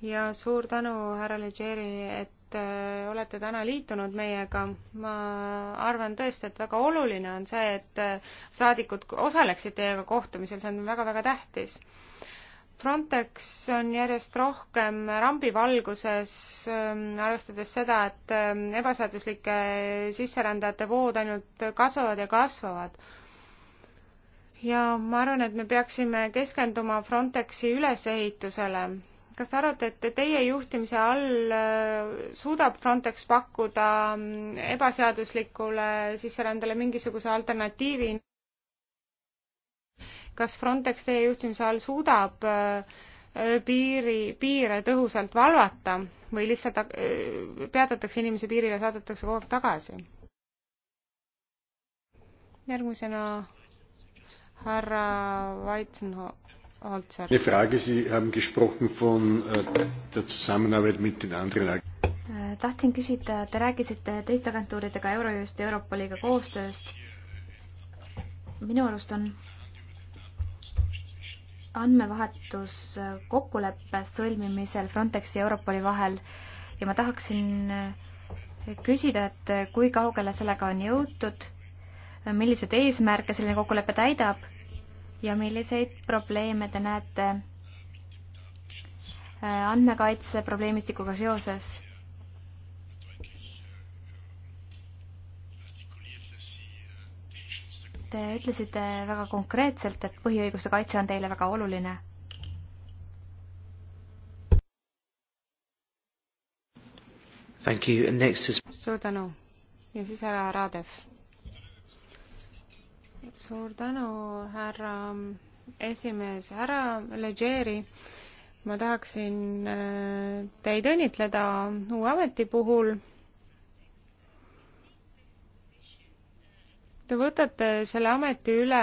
ja suur tänu, härra Legeri, et äh, olete täna liitunud meiega. ma arvan tõesti, et väga oluline on see, et äh, saadikud osaleksid teiega kohtumisel, see on väga-väga tähtis. Frontex on järjest rohkem rambivalguses, ähm, arvestades seda, et ähm, ebaseaduslike sisserändajate vood ainult kasvavad ja kasvavad ja ma arvan, et me peaksime keskenduma Frontexi ülesehitusele. kas te arvate, et teie juhtimise all äh, suudab Frontex pakkuda mm, ebaseaduslikule sisserändele mingisuguse alternatiivi? kas Frontex teie juhtimise all suudab äh, piiri, piire tõhusalt valvata või lihtsalt äh, peatatakse inimese piirile ja saadetakse kogu aeg tagasi? järgmisena härra Weizenhoff. Eine Frage, Sie haben gesprochen von äh, der Zusammenarbeit mit den anderen äh, tahtsin küsida, te rääkisite teiste agentuuridega Eurojust ja Europoliga koostööst. minu arust on andmevahetus äh, kokkuleppe sõlmimisel Frontexi ja Europoli vahel ja ma tahaksin küsida, et kui kaugele sellega on jõutud milliseid eesmärke selline kokkulepe täidab ja milliseid probleeme te näete äh, andmekaitse probleemistikuga seoses? Te ütlesite väga konkreetselt, et põhiõiguste kaitse on teile väga oluline. Thank you. And next is... Suur tänu. Ja siis härra Raadev suur tänu, härra esimees, härra Legeri. ma tahaksin äh, teid õnnitleda uue ameti puhul. Te võtate selle ameti üle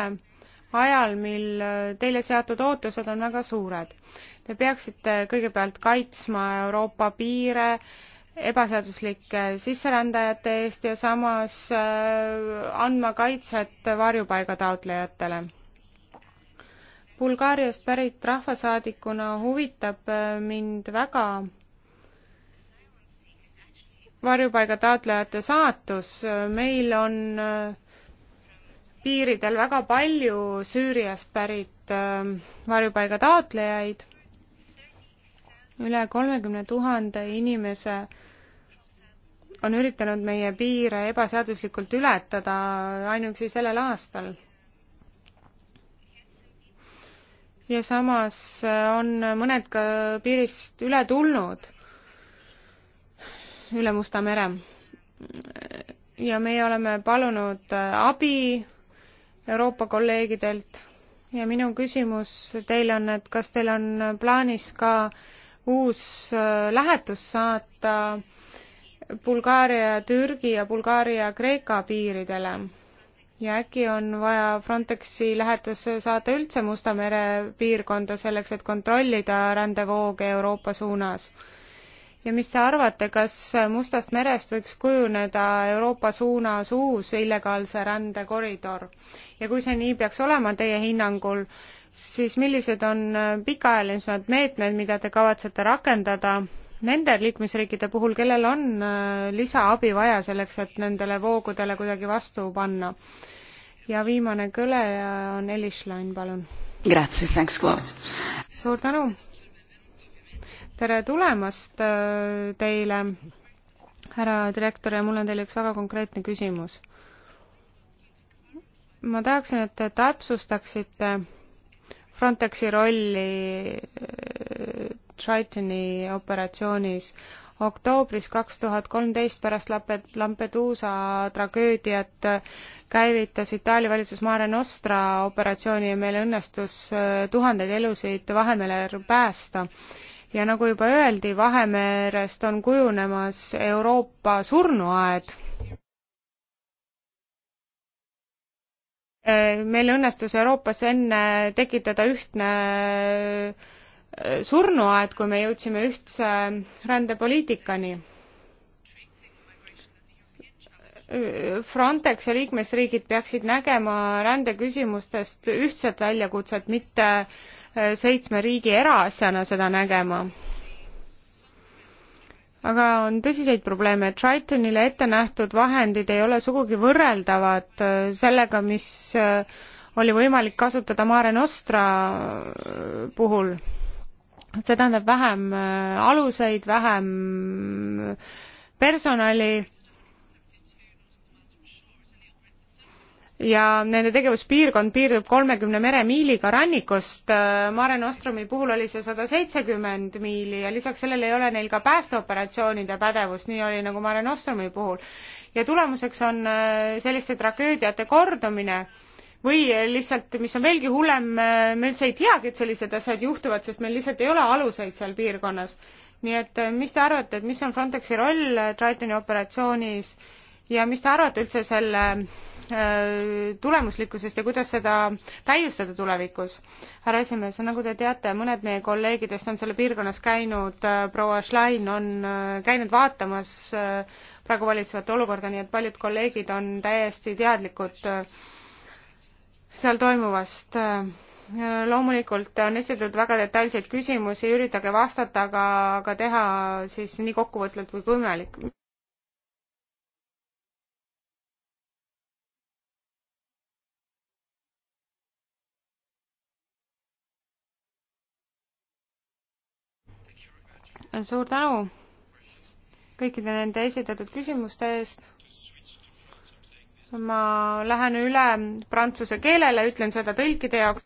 ajal, mil äh, teile seatud ootused on väga suured. Te peaksite kõigepealt kaitsma Euroopa piire, ebaseaduslike sisserändajate eest ja samas äh, andma kaitset varjupaiga taotlejatele. Bulgaariast pärit rahvasaadikuna huvitab äh, mind väga varjupaiga taotlejate saatus, meil on äh, piiridel väga palju Süüriast pärit varjupaiga taotlejaid, üle kolmekümne tuhande inimese on üritanud meie piire ebaseaduslikult ületada ainuüksi sellel aastal. ja samas on mõned ka piirist üle tulnud, üle Musta mere. ja meie oleme palunud abi Euroopa kolleegidelt ja minu küsimus teile on, et kas teil on plaanis ka uus lähetus saata äh, Bulgaaria ja Türgi ja Bulgaaria ja Kreeka piiridele. ja äkki on vaja Frontexi lähetus saata üldse Musta mere piirkonda selleks, et kontrollida rändevooge Euroopa suunas? ja mis te arvate, kas Mustast merest võiks kujuneda Euroopa suunas uus illegaalse rände koridor? ja kui see nii peaks olema teie hinnangul, siis millised on pikaajalisemad meetmed, mida te kavatsete rakendada nende liikmesriikide puhul, kellel on äh, lisaabi vaja selleks, et nendele voogudele kuidagi vastu panna. ja viimane kõneleja on Elis Schlein, palun. suur tänu. tere tulemast äh, teile, härra direktor, ja mul on teile üks väga konkreetne küsimus. ma tahaksin, et te täpsustaksite Frontexi rolli äh, Tritoni operatsioonis. oktoobris kaks tuhat kolmteist pärast Lampeduusa tragöödiat käivitas Itaalia valitsus Mare Nostra operatsiooni ja meil õnnestus äh, tuhandeid elusid Vahemerel päästa ja nagu juba öeldi, Vahemerest on kujunemas Euroopa surnuaed. Äh, meil õnnestus Euroopas enne tekitada ühtne surnuaed, kui me jõudsime ühtse rändepoliitikani. Frontex ja liikmesriigid peaksid nägema rändeküsimustest ühtset väljakutset, mitte äh, seitsme riigi eraasjana seda nägema. aga on tõsiseid probleeme, Tritonile ette nähtud vahendid ei ole sugugi võrreldavad äh, sellega, mis äh, oli võimalik kasutada Mare Nostra puhul see tähendab vähem äh, aluseid, vähem äh, personali ja nende tegevuspiirkond piirdub kolmekümne meremiiliga rannikust. Äh, Mare Nostrumi puhul oli see sada seitsekümmend miili ja lisaks sellele ei ole neil ka päästeoperatsioonide pädevust, nii oli nagu Mare Nostrumi puhul. ja tulemuseks on selliste tragöödiate kordumine või lihtsalt, mis on veelgi hullem, me üldse ei teagi, et sellised asjad juhtuvad, sest meil lihtsalt ei ole aluseid seal piirkonnas. nii et eh, mis te arvate, et mis on Frontexi roll eh, Tritoni operatsioonis ja mis te arvate üldse selle eh, tulemuslikkusest ja kuidas seda täiustada tulevikus. härra esimees, nagu te teate, mõned meie kolleegidest on selle piirkonnas käinud, proua Schlein on käinud vaatamas praegu valitsevat olukorda, nii et paljud kolleegid on täiesti teadlikud äh, seal toimuvast. loomulikult on esitatud väga detailseid küsimusi, üritage vastata, aga, aga teha siis nii kokkuvõtvalt kui võimalik. suur tänu kõikide nende esitatud küsimuste eest ma lähen üle prantsuse keelele, ütlen seda tõlkide jaoks.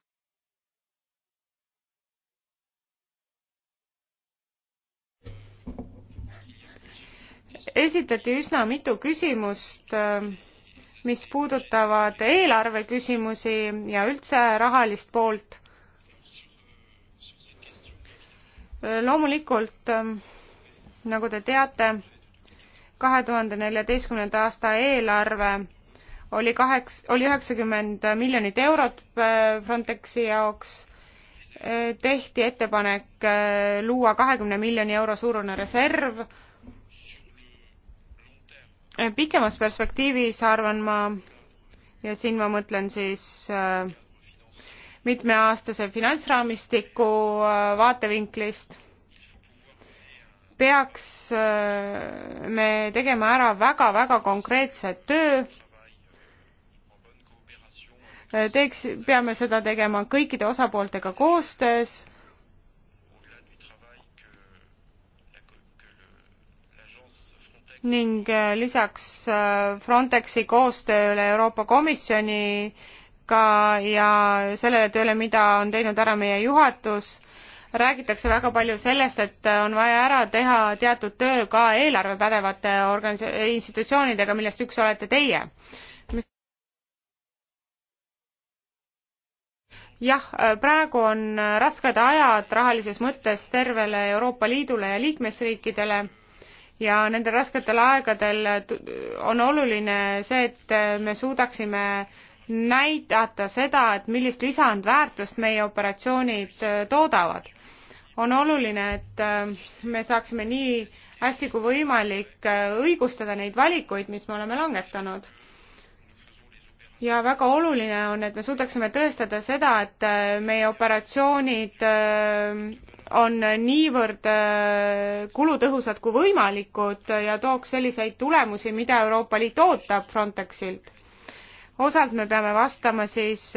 esitati üsna mitu küsimust, mis puudutavad eelarve küsimusi ja üldse rahalist poolt. loomulikult, nagu te teate, kahe tuhande neljateistkümnenda aasta eelarve oli kaheks, oli üheksakümmend miljonit eurot äh, Frontexi jaoks, äh, tehti ettepanek äh, luua kahekümne miljoni euro suurune reserv. pikemas perspektiivis arvan ma, ja siin ma mõtlen siis mitmeaastase finantsraamistiku vaatevinklist peaks me tegema ära väga-väga konkreetse töö teeks, peame seda tegema kõikide osapooltega koostöös. ning äh, lisaks äh, Frontexi koostööle Euroopa Komisjoniga ja sellele tööle, mida on teinud ära meie juhatus, räägitakse väga palju sellest, et äh, on vaja ära teha teatud töö ka eelarvepädevate organis-, institutsioonidega, millest üks olete teie jah, äh, praegu on äh, rasked ajad rahalises mõttes tervele Euroopa Liidule ja liikmesriikidele ja nendel rasketel aegadel äh, on oluline see, et me suudaksime näidata seda, et millist lisandväärtust meie operatsioonid toodavad. on oluline, et me saaksime nii hästi kui võimalik õigustada neid valikuid, mis me oleme langetanud ja väga oluline on, et me suudaksime tõestada seda, et äh, meie operatsioonid äh, on niivõrd äh, kulutõhusad kui võimalikud ja tooks selliseid tulemusi, mida Euroopa Liit ootab Frontexilt osalt me peame vastama siis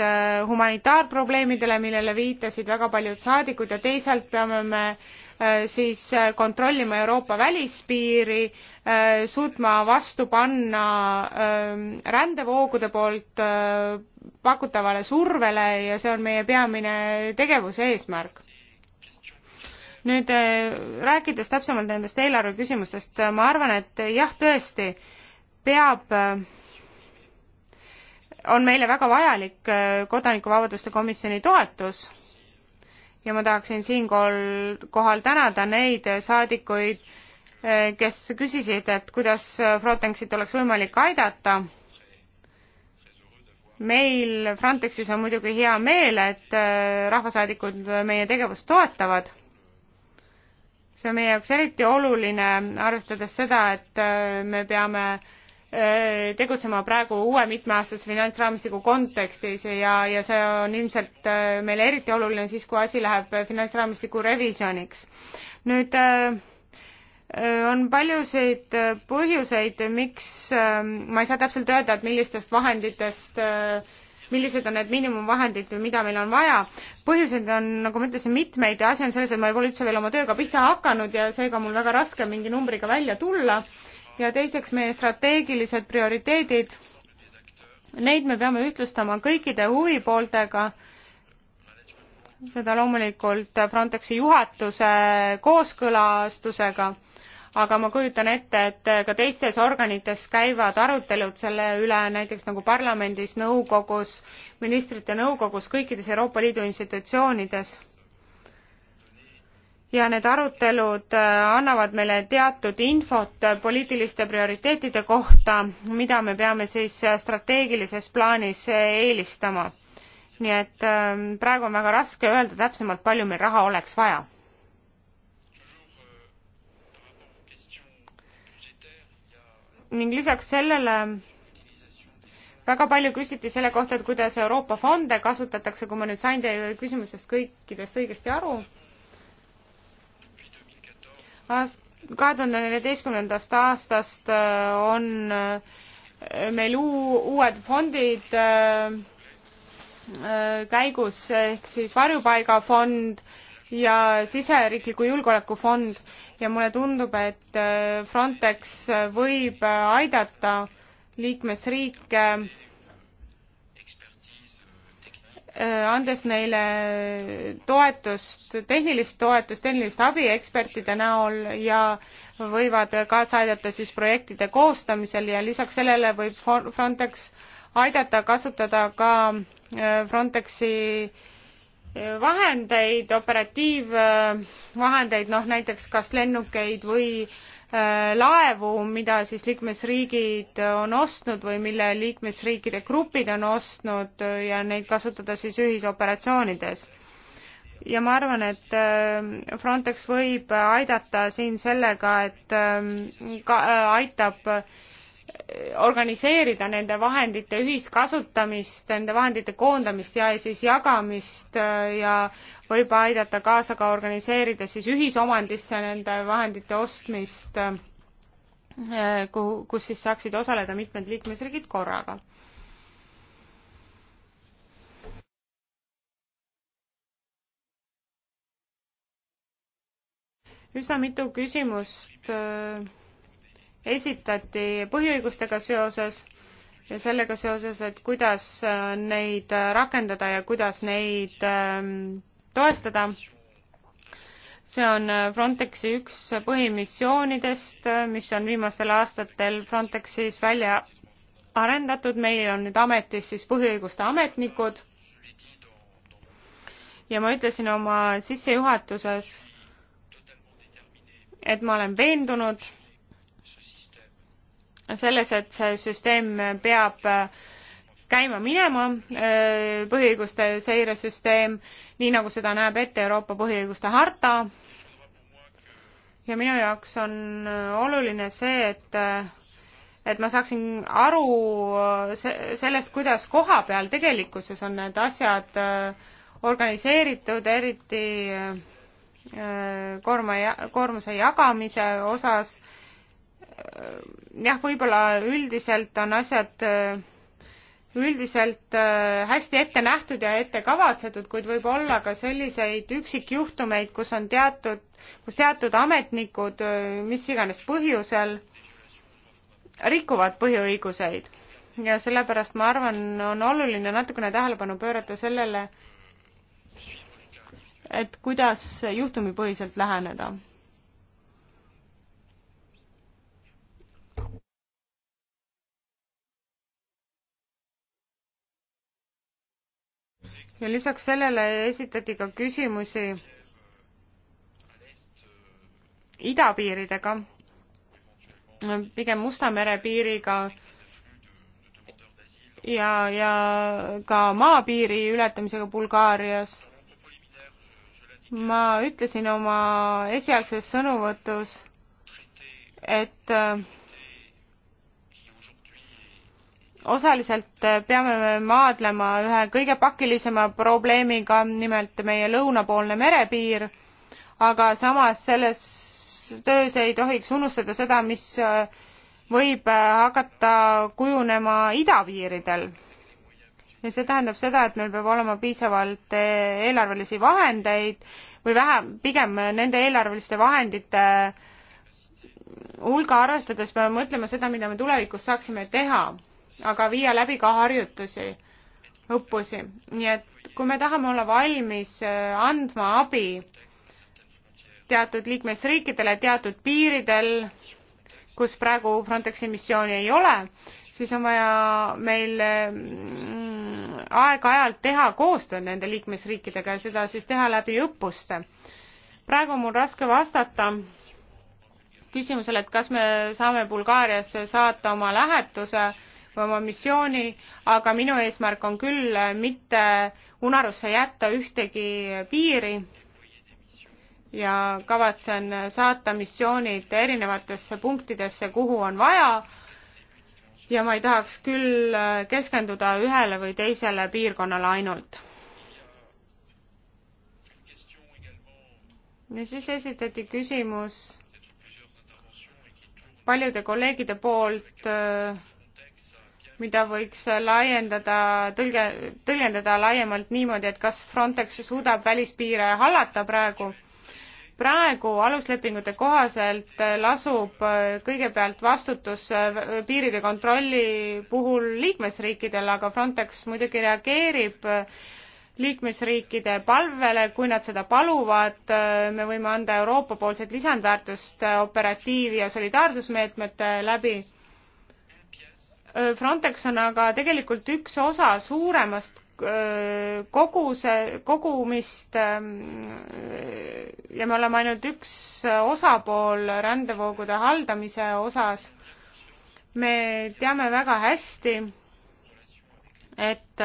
humanitaarprobleemidele, millele viitasid väga paljud saadikud ja teisalt peame me Äh, siis äh, kontrollima Euroopa välispiiri, äh, suutma vastu panna rändevoogude poolt pakutavale survele ja see on meie peamine tegevuse eesmärk nüüd rääkides täpsemalt nendest eelarve küsimustest, ma arvan, et jah, tõesti peab, on meile väga vajalik kodanikuvabaduste komisjoni toetus ja ma tahaksin siinkohal tänada neid saadikuid, eh, kes küsisid, et kuidas Frontexit oleks võimalik aidata. meil Frontexis on muidugi hea meel, et eh, rahvasaadikud meie tegevust toetavad. see on meie jaoks eriti oluline, arvestades seda, et eh, me peame Äh, tegutsema praegu uue mitmeaastase finantsraamistiku kontekstis ja, ja see on ilmselt äh, meile eriti oluline siis, kui asi läheb finantsraamistiku revisjoniks. nüüd äh, on paljusid põhjuseid, miks, ma ei saa täpselt öelda, et millistest vahenditest millised on need miinimumvahendid, mida meil on vaja. põhjuseid on, nagu ma ütlesin, mitmeid ja asi on selles, et ma pole üldse veel oma tööga pihta hakanud ja seega on mul väga raske mingi numbriga välja tulla ja teiseks meie strateegilised prioriteedid. Neid me peame ühtlustama kõikide huvipooltega, seda loomulikult Frontexi juhatuse kooskõlastusega, aga ma kujutan ette, et ka teistes organites käivad arutelud selle üle, näiteks nagu parlamendis, nõukogus, ministrite nõukogus, kõikides Euroopa Liidu institutsioonides ja need arutelud äh, annavad meile teatud infot poliitiliste prioriteetide kohta, mida me peame siis äh, strateegilises plaanis äh, eelistama. nii et ähm, praegu on väga raske öelda täpsemalt, palju meil raha oleks vaja. ning lisaks sellele väga palju küsiti selle kohta, et kuidas Euroopa fonde kasutatakse, kui ma nüüd sain teie küsimusest kõikidest õigesti aru kahe tuhande neljateistkümnendast aastast äh, on äh, meil uu-, uued fondid äh, käigus, ehk siis varjupaigafond ja siseriikliku julgeolekufond ja mulle tundub, et Frontex võib aidata liikmesriike Äh, andes neile toetust, tehnilist toetust, tehnilist abi ekspertide näol ja võivad kaasa aidata siis projektide koostamisel ja lisaks sellele võib Frontex aidata kasutada ka äh, Frontexi äh, vahendeid, operatiivvahendeid, noh näiteks kas lennukeid või äh, Äh, laevu, mida siis liikmesriigid on ostnud või mille liikmesriikide grupid on ostnud äh, ja neid kasutada siis ühisoperatsioonides. ja ma arvan, et äh, Frontex võib aidata siin sellega, et ähm, ka aitab organiseerida nende vahendite ühiskasutamist, nende vahendite koondamist ja siis jagamist äh, ja võib aidata kaasa ka organiseerida siis ühisomandisse nende vahendite ostmist, äh, kuhu, kus siis saaksid osaleda mitmed liikmesriigid korraga. üsna mitu küsimust äh, esitati põhiõigustega seoses ja sellega seoses, et kuidas äh, neid äh, rakendada ja kuidas neid ähm, toestada. see on äh, Frontexi üks põhimissioonidest, mis on viimastel aastatel Frontexis välja arendatud, meil on nüüd ametis siis põhiõiguste ametnikud. ja ma ütlesin oma sissejuhatuses, et ma olen veendunud selles, et see süsteem peab äh, käima minema, äh, põhiõiguste seiresüsteem, nii nagu seda näeb ette Euroopa põhiõiguste harta. ja minu jaoks on äh, oluline see, et et ma saaksin aru sellest, kuidas koha peal tegelikkuses on need asjad organiseeritud, eriti koorma, koormuse jagamise osas äh, Äh, jah, võib-olla üldiselt on asjad äh, üldiselt äh, hästi ette nähtud ja ette kavatsetud, kuid võib olla ka selliseid üksikjuhtumeid, kus on teatud, kus teatud ametnikud mis iganes põhjusel rikuvad põhiõiguseid. ja sellepärast ma arvan, on oluline natukene tähelepanu pöörata sellele, et kuidas juhtumipõhiselt läheneda ja lisaks sellele esitati ka küsimusi idapiiridega, pigem Musta mere piiriga ja, ja ka maapiiri ületamisega Bulgaarias. ma ütlesin oma esialgses sõnavõtus, et äh, osaliselt äh, peame me maadlema ühe kõige pakilisema probleemiga, nimelt meie lõunapoolne merepiir, aga samas selles töös ei tohiks unustada seda, mis äh, võib äh, hakata kujunema idapiiridel. ja see tähendab seda, et meil peab olema piisavalt eelarvelisi vahendeid või vähe, pigem nende eelarveliste vahendite hulga arvestades peame mõtlema seda, mida me tulevikus saaksime teha aga viia läbi ka harjutusi, õppusi. nii et kui me tahame olla valmis äh, andma abi teatud liikmesriikidele teatud piiridel, kus praegu Frontexi missiooni ei ole, siis on vaja meil mm, aeg-ajalt teha koostööd nende liikmesriikidega ja seda siis teha läbi õppuste. praegu on mul raske vastata küsimusele, et kas me saame Bulgaariasse saata oma lähetuse oma missiooni, aga minu eesmärk on küll mitte unarusse jätta ühtegi piiri ja kavatsen saata missioonid erinevatesse punktidesse, kuhu on vaja. ja ma ei tahaks küll keskenduda ühele või teisele piirkonnale ainult. ja siis esitati küsimus paljude kolleegide poolt äh, mida võiks laiendada, tõlge, tõlgendada laiemalt niimoodi, et kas Frontex suudab välispiire hallata praegu. praegu aluslepingute kohaselt lasub kõigepealt vastutus äh, piiride kontrolli puhul liikmesriikidel, aga Frontex muidugi reageerib äh, liikmesriikide palvele, kui nad seda paluvad, äh, me võime anda Euroopa poolset lisandväärtust operatiiv- ja solidaarsusmeetmete läbi Äh, Frontex on aga tegelikult üks osa suuremast äh, koguse, kogumist ähm, äh, ja me oleme ainult üks osapool rändevoogude haldamise osas. me teame väga hästi, et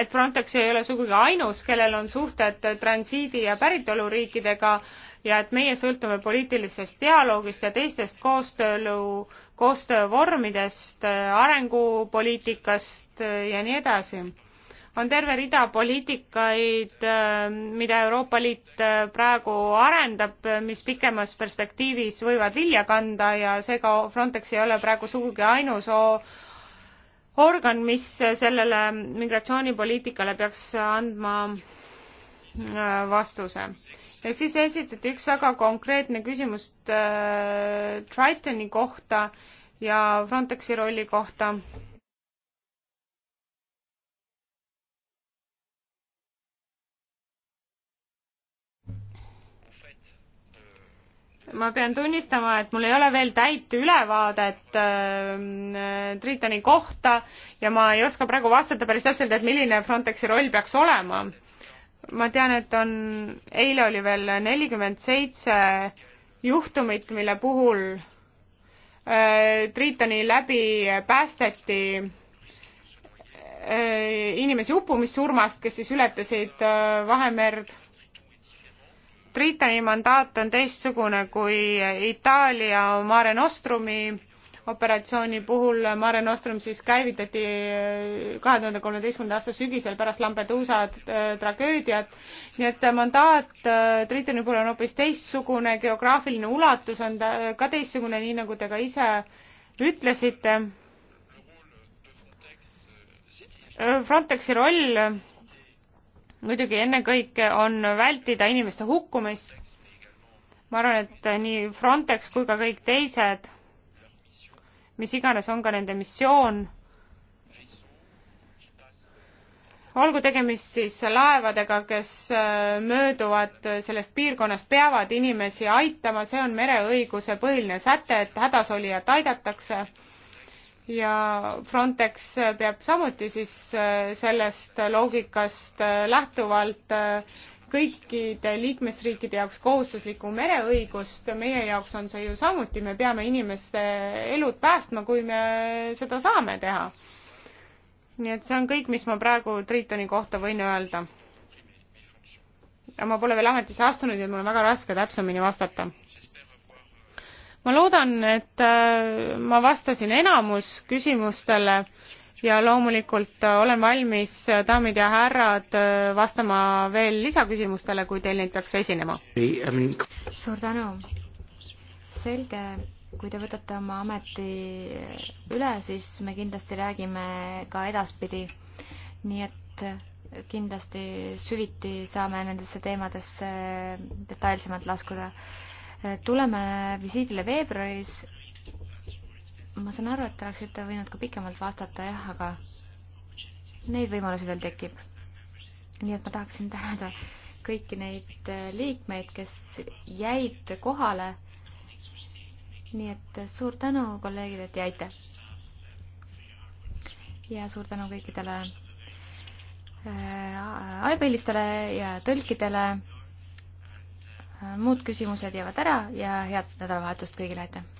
et Frontex ei ole sugugi ainus, kellel on suhted transiidi ja päritoluriikidega ja et meie sõltume poliitilisest dialoogist ja teistest koostöölu koostöövormidest, arengupoliitikast äh, ja nii edasi. on terve rida poliitikaid, äh, mida Euroopa Liit äh, praegu arendab, mis pikemas perspektiivis võivad vilja kanda ja seega Frontex ei ole praegu sugugi ainus organ, mis sellele migratsioonipoliitikale peaks andma vastuse ja siis esitati üks väga konkreetne küsimus äh, Tritoni kohta ja Frontexi rolli kohta. ma pean tunnistama, et mul ei ole veel täit ülevaadet äh, Tritoni kohta ja ma ei oska praegu vastata päris täpselt, et milline Frontexi roll peaks olema äh, ma tean, et on, eile oli veel nelikümmend seitse juhtumit, mille puhul äh, Tritoni läbi päästeti äh, inimesi uppumissurmast, kes siis ületasid äh, Vahemerd. Tritoni mandaat on teistsugune kui Itaalia Mare Nostrumi operatsiooni puhul Mare Nostrum siis käivitati äh, kahe tuhande kolmeteistkümnenda aasta sügisel pärast Lampedusa äh, tragöödiat. nii et äh, mandaat Tritoni puhul on hoopis teistsugune, geograafiline ulatus on ta ka teistsugune, nii nagu te ka ise ütlesite. Frontexi roll muidugi ennekõike on vältida inimeste hukkumist. ma arvan, et nii Frontex kui ka kõik teised mis iganes on ka nende missioon. olgu tegemist siis laevadega, kes äh, mööduvad sellest piirkonnast, peavad inimesi aitama, see on mereõiguse põhiline säte, et hädasolijat aidatakse. ja Frontex peab samuti siis äh, sellest loogikast äh, lähtuvalt kõikide liikmesriikide jaoks kohustuslikku mereõigust, meie jaoks on see ju samuti, me peame inimeste elud päästma, kui me seda saame teha. nii et see on kõik, mis ma praegu Tritoni kohta võin öelda. ma pole veel ametisse astunud ja mul on väga raske täpsemini vastata. ma loodan, et äh, ma vastasin enamus küsimustele ja loomulikult äh, olen valmis, äh, daamid ja härrad, äh, vastama veel lisaküsimustele, kui teil neid peaks esinema. suur tänu. selge, kui te võtate oma ameti üle, siis me kindlasti räägime ka edaspidi. nii et kindlasti süviti saame nendesse teemadesse detailsemalt laskuda. tuleme visiidile veebruaris ma saan aru, et te oleksite võinud ka pikemalt vastata, jah, aga neid võimalusi veel tekib. nii et ma tahaksin tänada kõiki neid äh, liikmeid, kes jäid kohale. nii et suur tänu kolleegile, et jäite. ja suur tänu kõikidele äh, aepellistele ja tõlkidele. Äh, muud küsimused jäävad ära ja head nädalavahetust kõigile, aitäh!